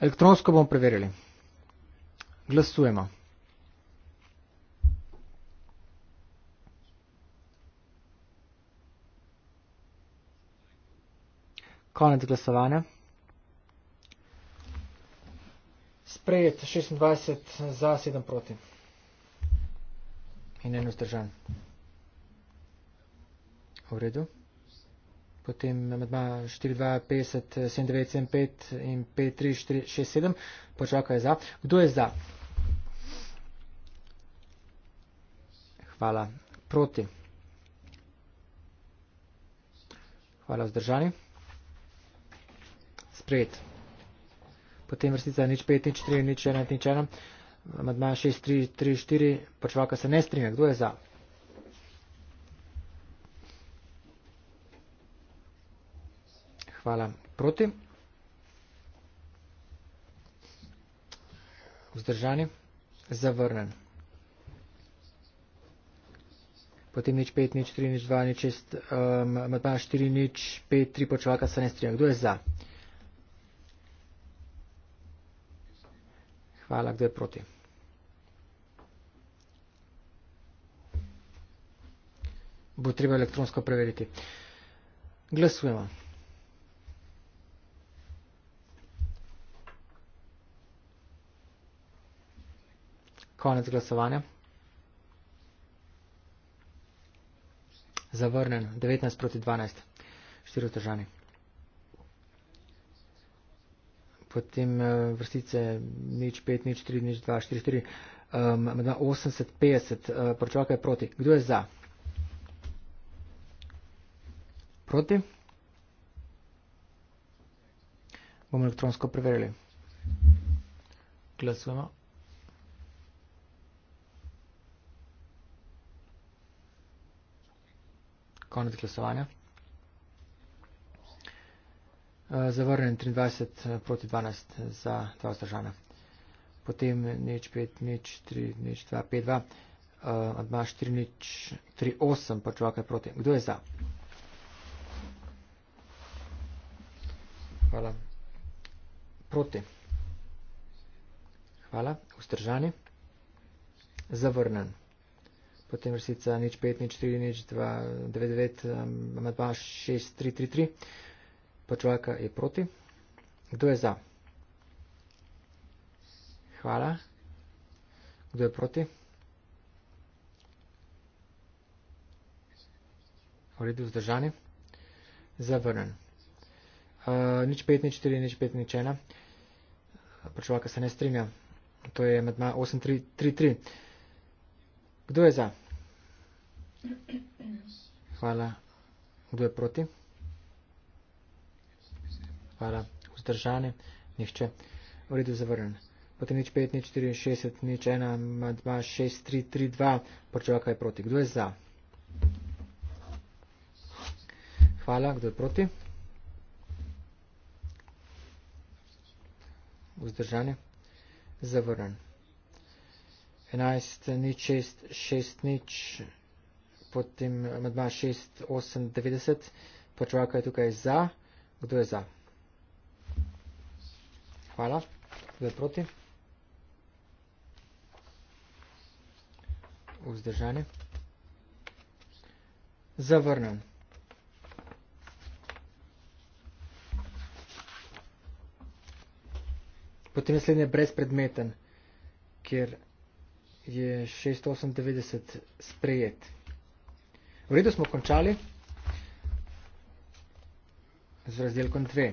Elektronsko bomo preverili. Glasujemo. Konec glasovanja. sprejet 26 za 7 proti in eno zdržan. V redu. Potem med 4, 2, 50, 79, 75 in 5, 3, 4, 6, 7. Počakaj za. Kdo je za? Hvala. Proti. Hvala vzdržani. Sprejeti potem vrstica nič pet, nič tri, nič ena, nič ena, amadma šest, tri, tri, štiri, počvaka se ne strinja, kdo je za? Hvala. Proti? Vzdržani? Zavrnen. Potem nič pet, nič tri, nič dva, nič šest, um, amadma štiri, nič pet, tri, počvaka se ne strinja, kdo je za? Hvala, kdo je proti. Bo treba elektronsko preveriti. Glasujemo. Konec glasovanja. Zavrnen. 19 proti 12. 4 vzdržanih. potem eh, vrstice nič, pet, nič, tri, nič, dva, štiri, štiri, um, med 80, 50, uh, pročelka je proti. Kdo je za? Proti? Bomo elektronsko preverili. Glasujemo. Konec glasovanja zavrnjen 23 eh, proti 12 eh, za dva vzdržana. Potem nič 5, nič 3, nič 2, 5, 2, uh, odmah 4, nič 3, 8, pa čuvaka proti. Kdo je za? Hvala. Proti. Hvala. Vzdržani. Zavrnen. Potem vrstica nič 5, nič 3, nič 2, 9, 9, um, odmah 6, 3, 3, 3. Počvaka je proti. Kdo je za? Hvala. Kdo je proti? V redu vzdržani. Zavrnen. Nič pet, nič tri, nič pet, nič ena. Počvaka se ne strinja. To je med 8-3-3. Kdo je za? Hvala. Kdo je proti? Hvala hvala, vzdržane, nihče, v redu zavrnjen. Potem nič 5, nič 64, nič 1, 2, 6, 3, 3, 2, počaka je proti. Kdo je za? Hvala, kdo je proti? Vzdržane, zavrnjen. 11, nič 6, 6, nič, potem 2, 6, 8, 90, počaka je tukaj za. Kdo je za? Hvala. Zdaj proti. Vzdržanje. Zavrnem. Potem naslednje brezpredmeten, kjer je 698 sprejet. V redu smo končali z razdelkom 2.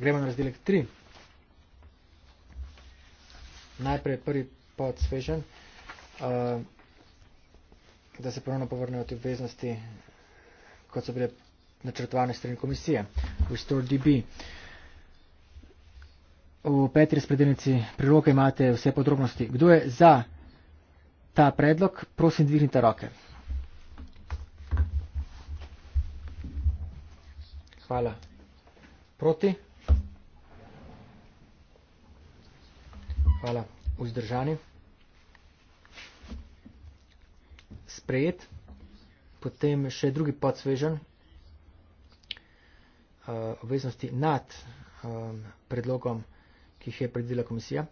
gremo na razdelek 3. Najprej prvi pod svežen, uh, eh, da se ponovno povrnejo te obveznosti, kot so bile načrtovane strani komisije v StoreDB. V peti razpredelnici priloke imate vse podrobnosti. Kdo je za ta predlog? Prosim, dvignite roke. Hvala. Proti? Hvala. Vzdržani. Sprejet. Potem še drugi podsvežen. Eh, obveznosti nad eh, predlogom, ki jih je predvidela komisija.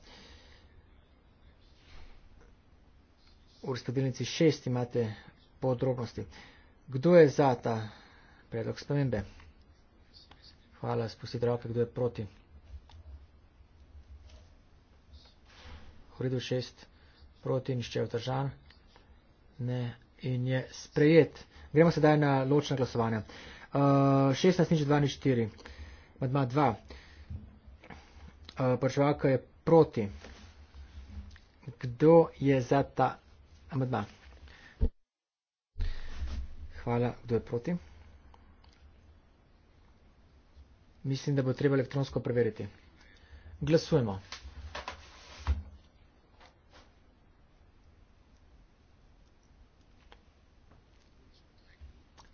V razpredelnici šest imate podrobnosti. Kdo je za ta predlog spremembe? Hvala, spustite roke, kdo je proti. redu 6 proti in še vzdržan. Ne in je sprejet. Gremo sedaj na ločno glasovanje. Uh, 16 nič 2 nič 4. Madma 2. Uh, Prvaka je proti. Kdo je za ta amadma? Hvala, kdo je proti. Mislim, da bo treba elektronsko preveriti. Glasujemo.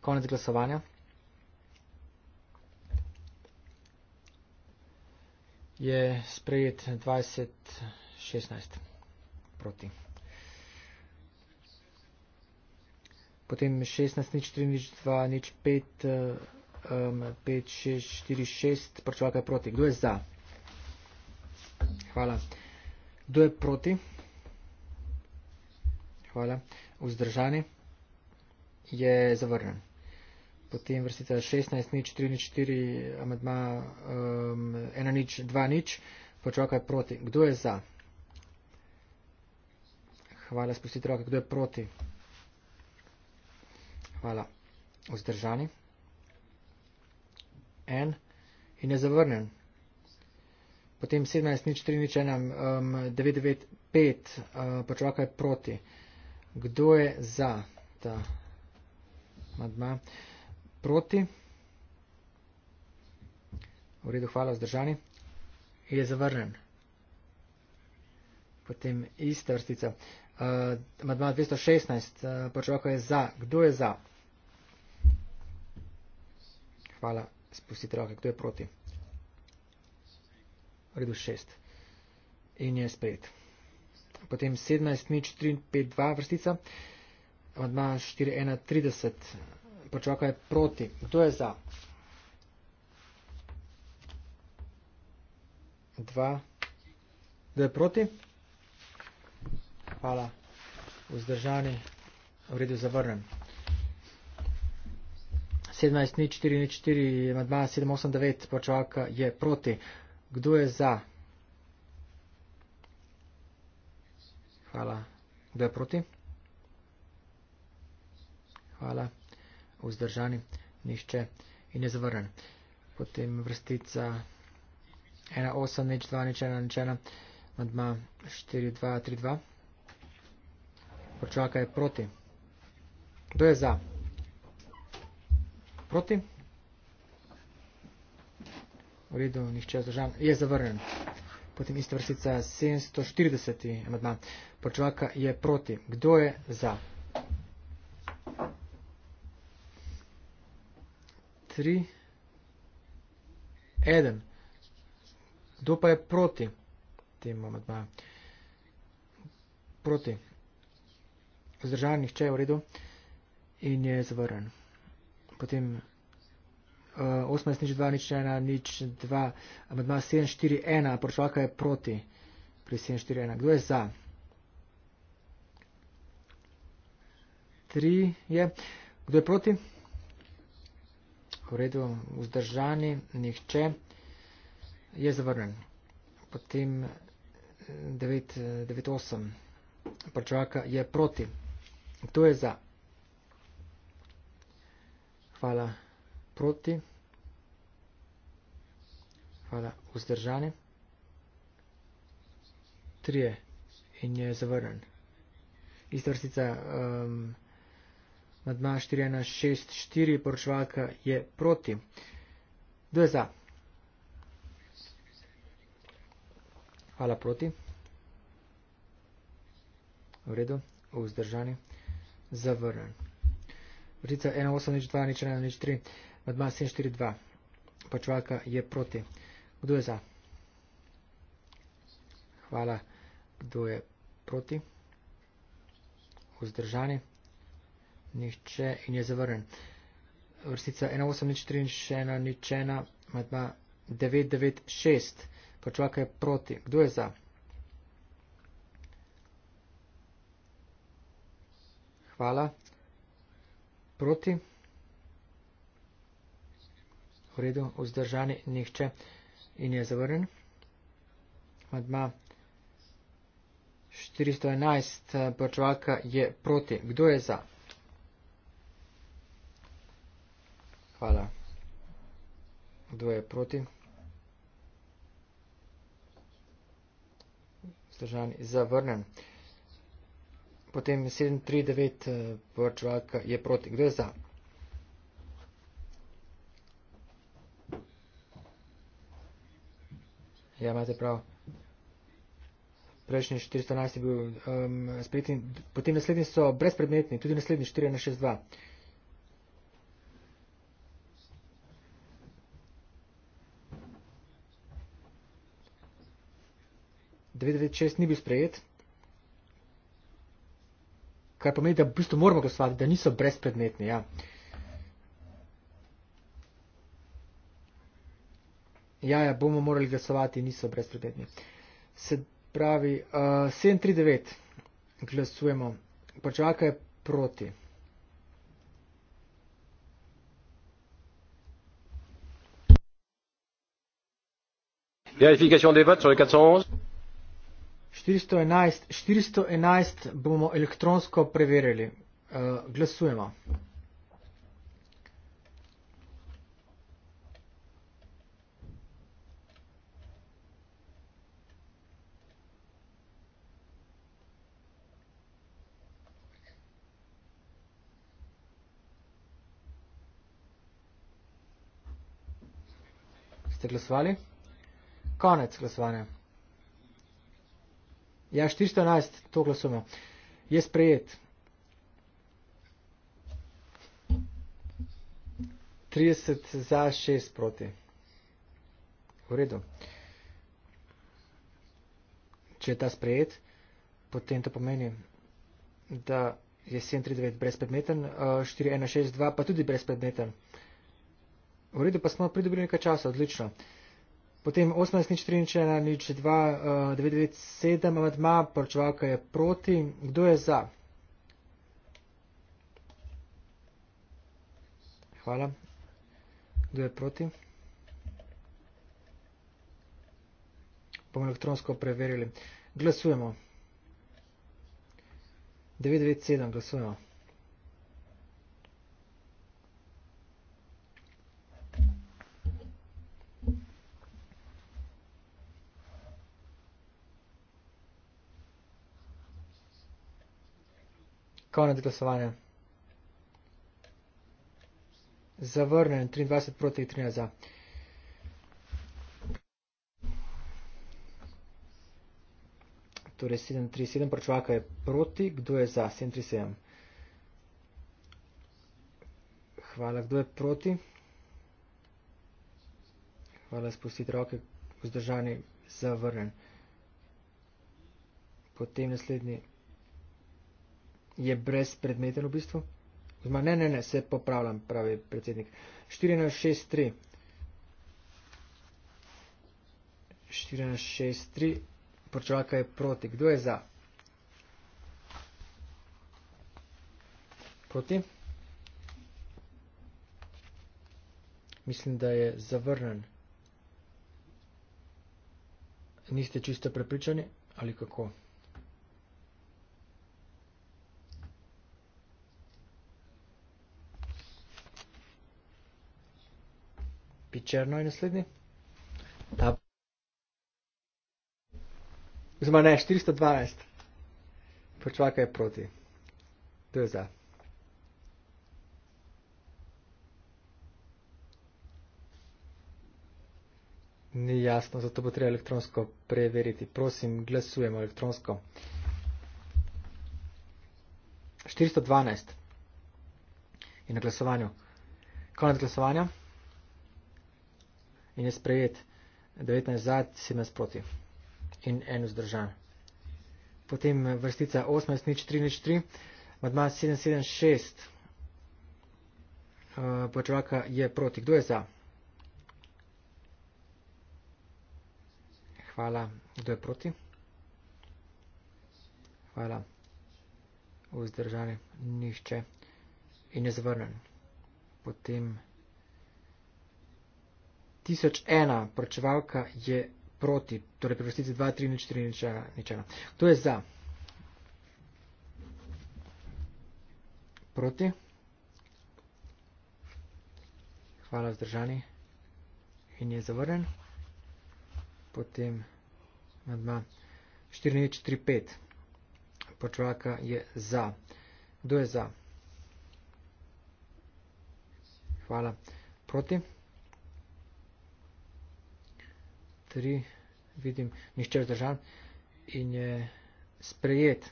Konec glasovanja. Je sprejet 2016 proti. Potem 16, nič 3, nič 2, nič 5, um, 5, 6, 4, 6, pročvaka je proti. Kdo je za? Hvala. Kdo je proti? Hvala. Vzdržani je zavrnen potem vrstica 16 nič, 3 nič, 4, amadma, um, 1 nič, 2 nič, počakaj proti. Kdo je za? Hvala, spustite roke. Kdo je proti? Hvala. Vzdržani. En in je zavrnen. Potem 17 nič, 3 nič, 1, um, 9, 9, 5, uh, počakaj proti. Kdo je za ta amadma? proti. V redu, hvala, vzdržani. Je zavrnen. Potem ista vrstica. Uh, eh, Madma 216, uh, eh, počevalko je za. Kdo je za? Hvala, spustite roke. Kdo je proti? V redu, šest. In je spet. Potem 17, nič, 3, 5, 2 vrstica. Madma 4, 1, 30 počakaj proti. Kdo je za? 2. Kdo je proti? Hvala. Vzdržani. V redu zavrnem. 17 nič, 4 nič, 4, 2, 7, 8, 9, počaka je proti. Kdo je za? Hvala. Kdo je proti? Hvala vzdržani, nišče in je zavrnen. Potem vrstica 1, 8, nič, 2, nič, 1, nič, 1, madma 4, 2, 3, 2. Počaka je proti. Kdo je za? Proti? V redu, nišče vzdržan, je zavrnen. Potem ista vrstica 740, madma počaka je proti. Kdo je za? tri, eden. Kdo pa je proti tem amadmaju? Proti. Zdržan nihče je v redu in je zavrn. Potem uh, eh, 18, nič 2, nič 1, nič 2, amadma 7, 4, 1, poročvaka je proti pri 7, 4, 1. Kdo je za? 3 je. Kdo je proti? v redu, vzdržani, nihče, je zavrnen. Potem 9.8. Eh, eh, Pačvaka je proti. Kdo je za? Hvala. Proti. Hvala. Vzdržani. Trije. In je zavrnen. Ista vrstica. Um, ehm, Madma 4164 poročvalka je proti. D za. Hvala proti. V redu, vzdržani. Zavrnen. Vrtica 18021103, Madma 742 poročvalka je proti. Kdo je za? Hvala. Kdo je proti? Vzdržani nihče in je zavrnen. Vrstica 1-8-0-4-1-0-1-996. Počvaka je proti. Kdo je za? Hvala. Proti. V redu, vzdržani nihče in je zavrnen. Madma 411 počvaka je proti. Kdo je za? Hvala. Kdo je proti? Zdržan, zavrnen. Potem 739 eh, je proti. Kdo je za? Ja, imate prav. Prejšnji 411 je bil um, ehm, spet in potem naslednji so brezpredmetni, tudi naslednji 4 na 6 2. 996 ni bil sprejet, kar pomeni, da v bistvu moramo glasovati, da niso brezpredmetni. Ja. Ja, ja, bomo morali glasovati, niso brezpredmetni. Se pravi, uh, eh, 739 glasujemo, počakaj proti. Vérification des votes sur le 411. 411, 411 bomo elektronsko preverili. Uh, glasujemo. Ste glasovali? Konec glasovanja. Ja, 411, to glasujemo. Je sprejet. 30 za 6 proti. V redu. Če je ta sprejet, potem to pomeni, da je 739 brezpredmeten, 4162 eh, pa tudi brezpredmeten. V redu pa smo pridobili nekaj časa, odlično. Potem 18, nič 3, nič 1, nič 2, 997, amadma, poročevalka je proti. Kdo je za? Hvala. Kdo je proti? Bomo elektronsko preverili. Glasujemo. 997, glasujemo. Konec glasovanja. Zavrnen 23 proti 13 za. Torej 737 pročvaka je proti, kdo je za 737? Hvala, kdo je proti? Hvala, spustiti roke, vzdržani, zavrnen. Potem naslednji je brezpredmeten v bistvu. Zma, ne, ne, ne, se popravljam, pravi predsednik. 1463. 1463. Počelaka je proti. Kdo je za? Proti. Mislim, da je zavrnen. Niste čisto prepričani ali kako? Pičerno je naslednji. Ta... Zdaj, ne, 412. Počvaka je proti. To je za. Ni jasno, zato bo treba elektronsko preveriti. Prosim, glasujemo elektronsko. 412 je na glasovanju. Konec glasovanja in je sprejet 19 za, 17 proti in en vzdržan. Potem eh, vrstica 18, nič 3, nič 3, madma 776, počevaka je proti. Kdo je za? Hvala. Kdo je proti? Hvala. Vzdržani. Nihče. In je zavrnen. Potem 1001 pročevalka je proti, torej pri vrstici 2, 3, 4, nič, ja, nič, ena. To je za. Proti. Hvala vzdržani. In je zavrnen. Potem nadma 4, 9, 4, 5. Počevalka je za. Kdo je za? Hvala. Proti. 3, vidim, nišče vzdržan in je sprejet.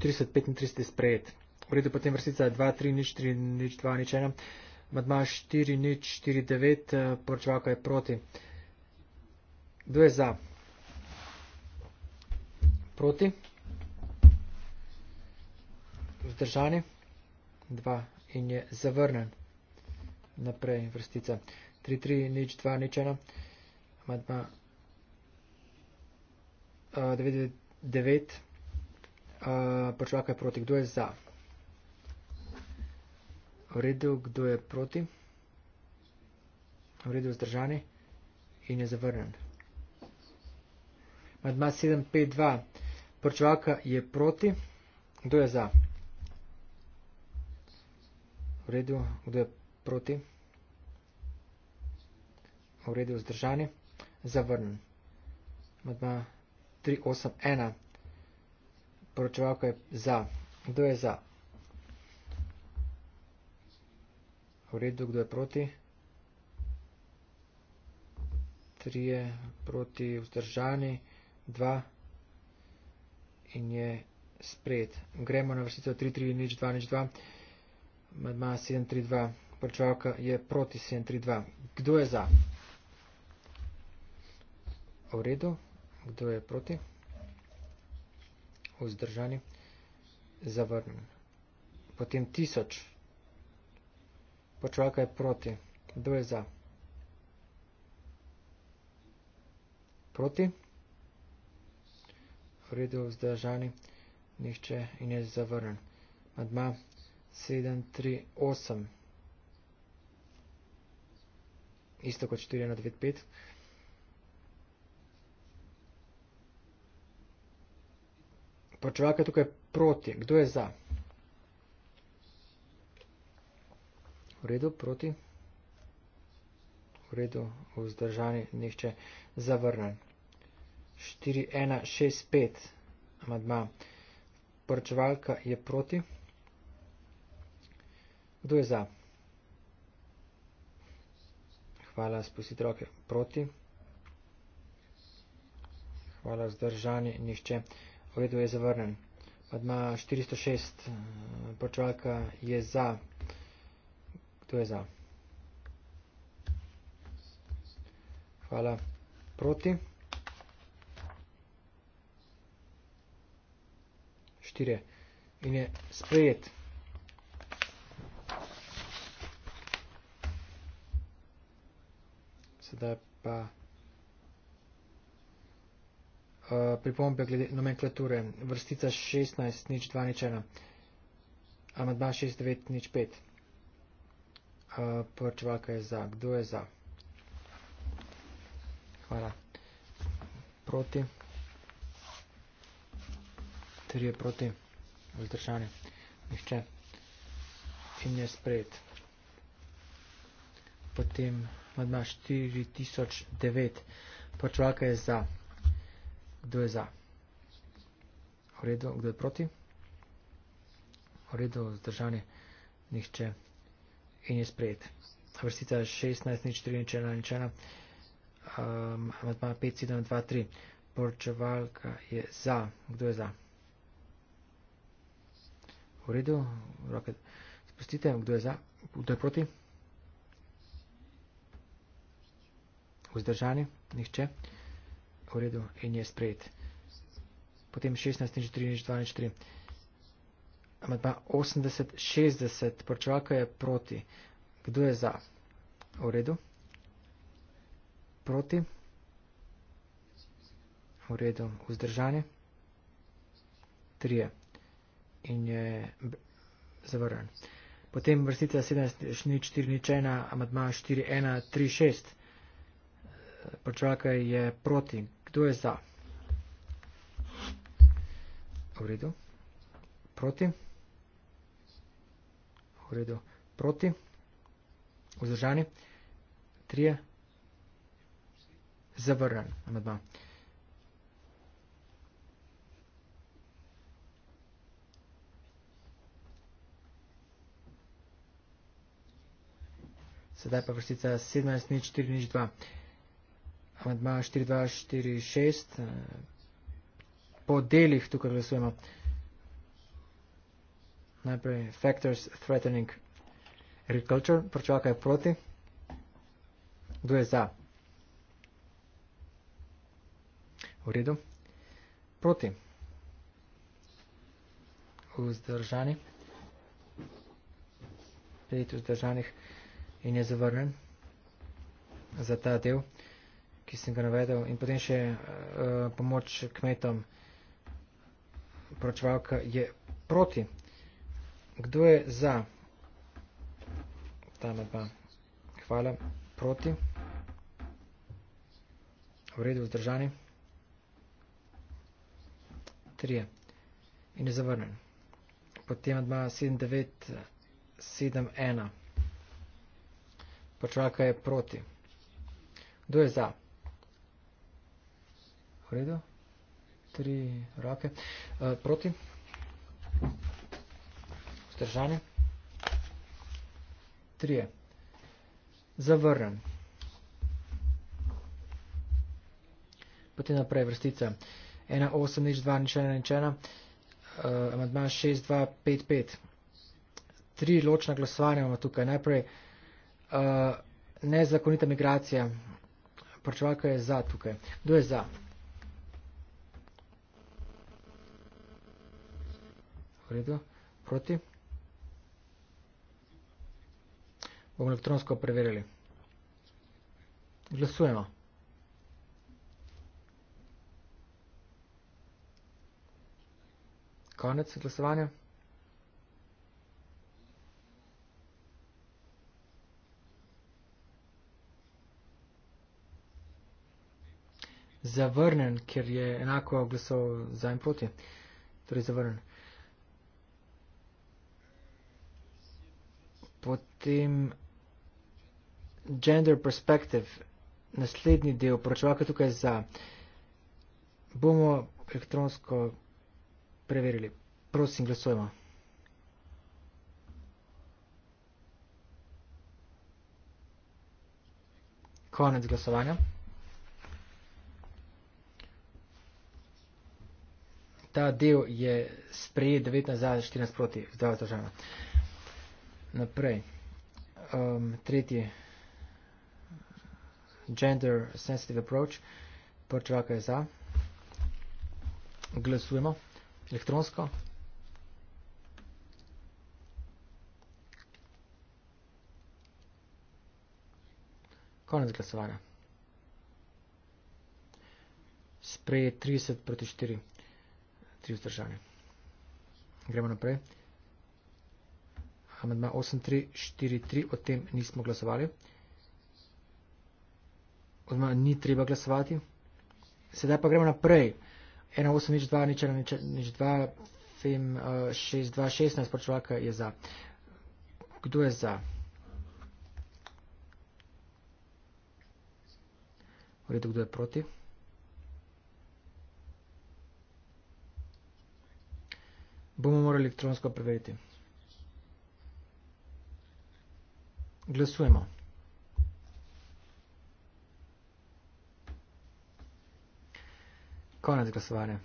Štirisetpetintristi sprejet. V redu potem vrstica 2, 3, nič, 3, nič, 2, nič, 1. Madma 4, nič, 4, 9, poročevalka je proti. Kdo je za? Proti? Vzdržani? Dva. In je zavrnen. Naprej vrstica. 3, 3, nič, 2, nič, 1. Ma 2. 9, 9. Počvaka je proti. Kdo je za? V redu, kdo je proti? V redu, vzdržani. In je zavrnen. Ma 2, 7, 5, 2. Prčvaka je proti. Kdo je za? V redu, kdo je proti? V redu, vzdržani. Zavrnen. Madma 381. Poročevalka je za. Kdo je za? V redu, kdo je proti? 3 je proti vzdržani. 2 in je sprejet. Gremo na vrstico 3-3-0-2-0-2. Madma 7-3-2. Prčevalka je proti 7-3-2. Kdo je za? V redu. Kdo je proti? Vzdržani. Zavrnjen. Potem tisoč. Počvaka je proti. Kdo je za? Proti. Proti redu vzdržani, nihče in je zavrnen. Madma 738, isto kot 495. Počevak je tukaj proti. Kdo je za? V redu, proti. V redu, vzdržani, nihče zavrnen. 4165 amadma. Poročevalka je proti. Kdo je za? Hvala, spustite roke. Proti. Hvala, zdržani. Nihče. Ovedu je zavrnen. Madma 406. Poročevalka je za. Kdo je za? Hvala. Proti. 4 in je sprejet. Sedaj pa uh, pripombe glede nomenklature. Vrstica 16, nič 2, nič 1. Amadba 6, 9, nič 5. Uh, eh, Porčevalka je za. Kdo je za? Hvala. Proti tri je proti vzdržanje. Nihče. In je sprejet. Potem madna 4009. Pa čovaka je za. Kdo je za? V redu, kdo je proti? V redu, vzdržanje. Nihče. In je sprejet. Vrstica 16, nič 3, nič 1, nič 1. Um, Matma 5, 7, 2, 3. Porčevalka je za. Kdo je za? V redu, roke spustite, kdo je za, kdo je proti. Vzdržani, nihče. V redu, in je sprejet. Potem 16, nič 3, nič 2, nič 3. Amadba 80, 60, počevalka je proti. Kdo je za? V redu. Proti. V redu, vzdržani. Trije in je zavrnjen. Potem vrstica 17.4.1, amadma 4.1.3.6. Počakaj je proti. Kdo je za? V redu. Proti. V redu. Proti. Vzdržani. Trije. Zavrnjen. Amadma. Sedaj pa vrstica 17, 0, 4, 0, 2. Amedma 4, 2, 4, 6. Po delih tukaj glasujemo. Najprej factors threatening agriculture. Pročevaka je proti. Kdo je za? V redu. Proti. Vzdržani. Pet vzdržanih in je zavrnen za ta del, ki sem ga navedel. In potem še uh, pomoč kmetom. Pročevalka je proti. Kdo je za? Ta med pa. Hvala. Proti. V redu, vzdržani. Trije. In je zavrnen. Potem odmah 7971 počaka je proti. Kdo je za? V redu? Tri roke. E, proti? Vzdržanje? Trije. Zavrnem. Potem naprej vrstica. 1, 8, nič, 2, nič, 1, nič, 1. Amadman 6, 2, 5, 5. Tri ločna glasovanja imamo tukaj. Najprej uh, nezakonita migracija. Pročevalka je za tukaj. Kdo je za? V redu. Proti. Bomo elektronsko preverili. Glasujemo. Konec glasovanja. zavrnjen, ker je enako glasov za in proti. Torej zavrnjen. Potem gender perspective, naslednji del, poročevalka tukaj za, bomo elektronsko preverili. Prosim, glasujemo. Konec glasovanja. ta del je sprejet 19 za 14 proti zdravo državno. Naprej. Um, tretji. Gender sensitive approach. Prčevaka je za. Glasujemo. Elektronsko. Konec glasovanja. Sprej 30 proti 4 tri vzdržane. Gremo naprej. Amedma 8.3.4.3, o tem nismo glasovali. Odma ni treba glasovati. Sedaj pa gremo naprej. 1.8.2.2.5.6.2.16, eh, pročevalka je za. Kdo je za? V redu, kdo je proti? 1.8.3.4.3. bomo morali elektronsko preveriti. Glasujemo. Konec glasovanja.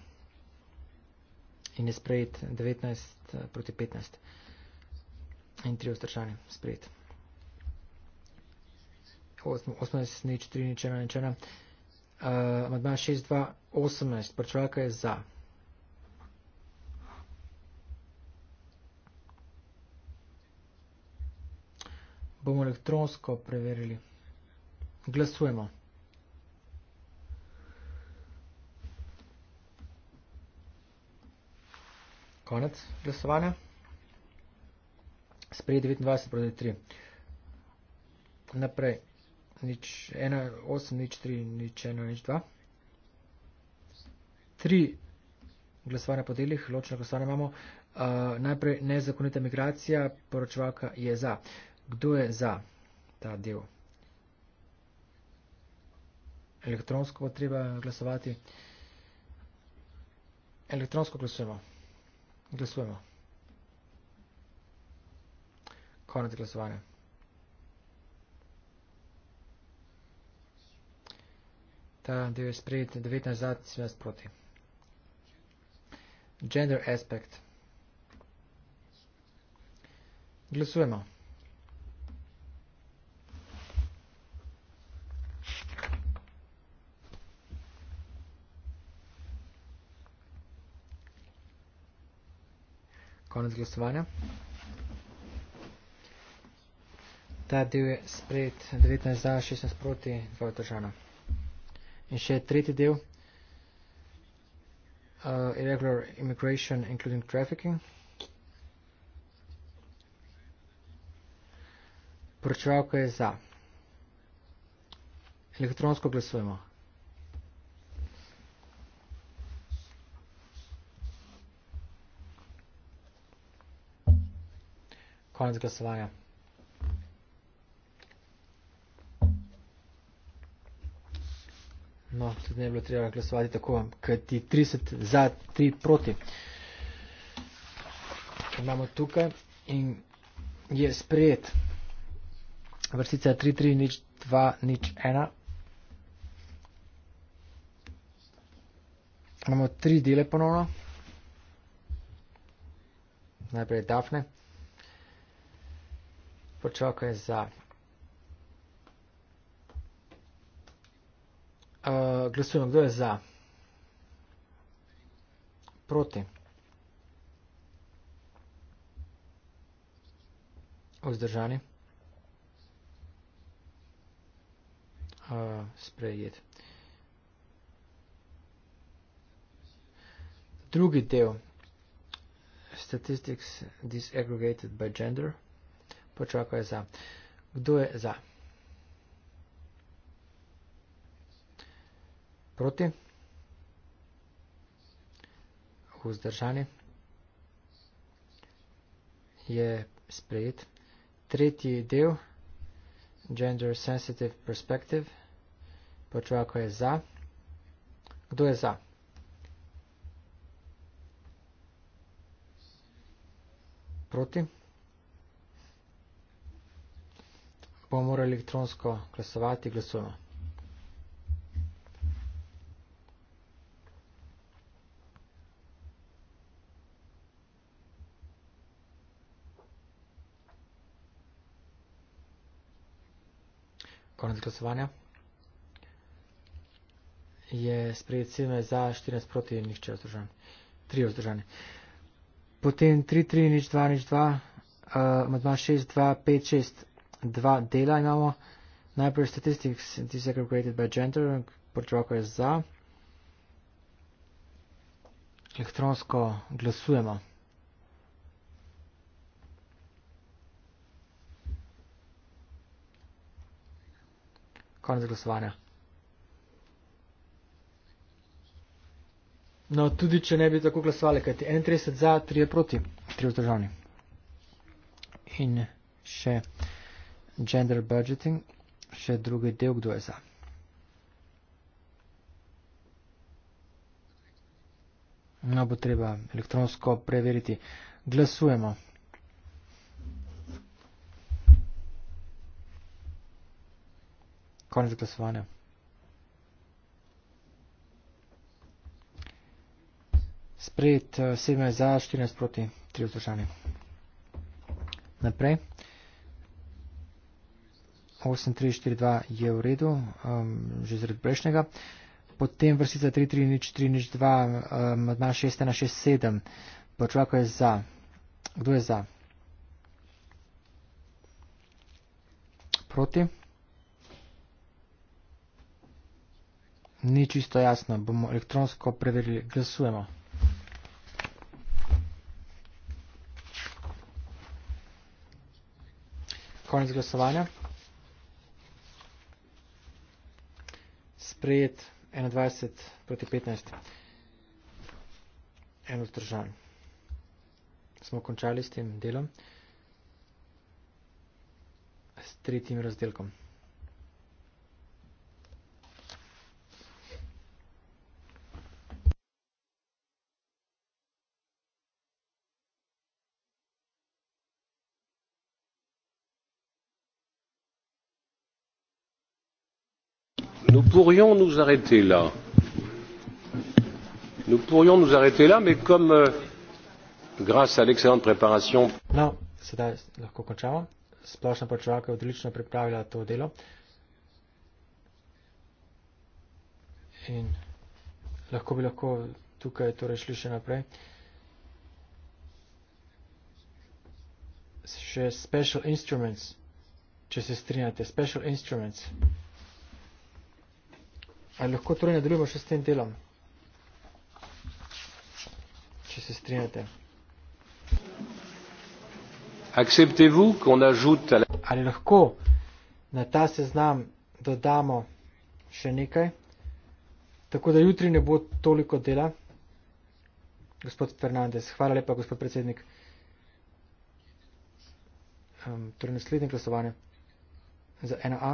In je sprejet 19 eh, proti 15. In tri ostrašanje. Sprejet. 18 nič, 3 nič, 1 nič, 1. Uh, Madma 6, 2, 18. Prčvaka je za. bomo elektronsko preverili. Glasujemo. Konec glasovanja. Sprej 29 proti 3. Naprej. Nič 1, 8, nič 3, nič 1, nič 2. 3 glasovanja po delih, ločno glasovanje imamo. Uh, najprej nezakonita migracija, poročevalka je za. Uh, kdo je za ta del. Elektronsko bo treba glasovati. Elektronsko glasujemo. Glasujemo. Konec glasovanja. Ta del je sprejet 19 za, 17 proti. Gender aspect. Glasujemo. Glasujemo. konec glasovanja. Ta del je sprejet 19 za, 16 proti, 2 držana. In še tretji del, uh, irregular immigration including trafficking. Poročevalka je za. Elektronsko glasujemo. konec glasovanja. No, tudi ne bi bilo treba glasovati tako, kaj ti 30 za, 3 proti. Imamo tukaj in je sprejet vrstica 3, 3, nič, 2, nič, 1. Imamo tri dele ponovno. Najprej Dafne počakaj za. Uh, glasujemo, kdo je za? Proti. Vzdržani. Uh, sprejet. Drugi del. Statistics disaggregated by gender počakaj za. Kdo je za? Proti? Vzdržani? Je sprejet. Tretji del, Gender Sensitive Perspective, počakaj za. Kdo je za? Proti? Proti? bomo morali elektronsko glasovati, glasujemo. Konec glasovanja. Je sprejet sedme za 14 proti in nihče vzdržan. Tri vzdržani. Potem 3, 3, nič, 2, nič, 2. Uh, Madma 6, 2, 5, 6 dva dela imamo. Najprej statistics disaggregated by gender, pod roko je za. Elektronsko glasujemo. Konec glasovanja. No, tudi če ne bi tako glasovali, kajti 31 za, 3 proti, 3 vzdržavni. In še gender budgeting, še drugi del, kdo je za. No, bo treba elektronsko preveriti. Glasujemo. Konec glasovanja. Sprejet 7 eh, za, 14 proti, 3 vzdržanje. Naprej. 8342 je v redu, um, že zred prejšnjega. Potem vrstica 33032, um, od naš 6167, počakaj za. Kdo je za? Proti? Ni čisto jasno, bomo elektronsko preverili, glasujemo. Konec glasovanja. sprejet 21 proti 15. Eno zdržan. Smo končali s tem delom, s tretjim razdelkom. pourrions nous arrêter là. Nous pourrions nous arrêter là, mais comme euh, grâce à l'excellente préparation. No, sedaj lahko končamo. Splošna počevalka je odlično pripravila to delo. In lahko bi lahko tukaj torej šli še naprej. Še special instruments, če se strinjate, special instruments. Ali lahko torej nadaljujemo še s tem delom? Če se strinjate. Acceptez-vous qu'on ajoute à la... Ali lahko na ta seznam dodamo še nekaj, tako da jutri ne bo toliko dela? Gospod Fernandez, hvala lepa, gospod predsednik. Um, torej naslednje glasovanje za 1A.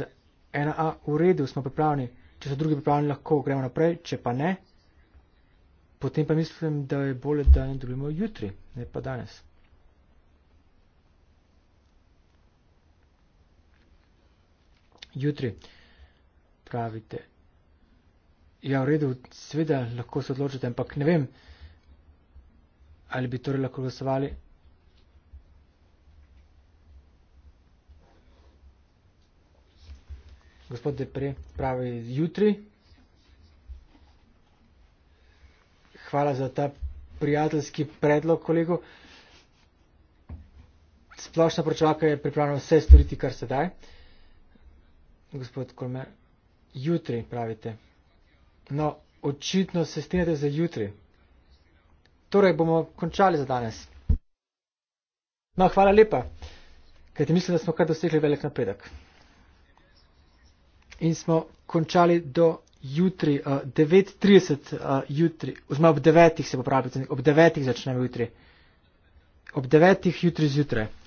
Za ena A, v redu, smo pripravljeni, če so drugi pripravljeni, lahko gremo naprej, če pa ne, potem pa mislim, da je bolje, da ne dobimo jutri, ne pa danes. Jutri pravite, ja, v redu, sveda lahko se odločite, ampak ne vem, ali bi torej lahko glasovali gospod Depre pravi jutri. Hvala za ta prijateljski predlog, kolego. Splošna pročevalka je pripravljena vse storiti, kar se daj. Gospod Kolmer, jutri pravite. No, očitno se strinjate za jutri. Torej bomo končali za danes. No, hvala lepa, kajti mislim, da smo kar dosegli velik napredek in smo končali do jutri, uh, 9.30 uh, jutri, oziroma ob 9.00 se popravi, ob 9.00 začnemo jutri. Ob 9.00 jutri zjutraj.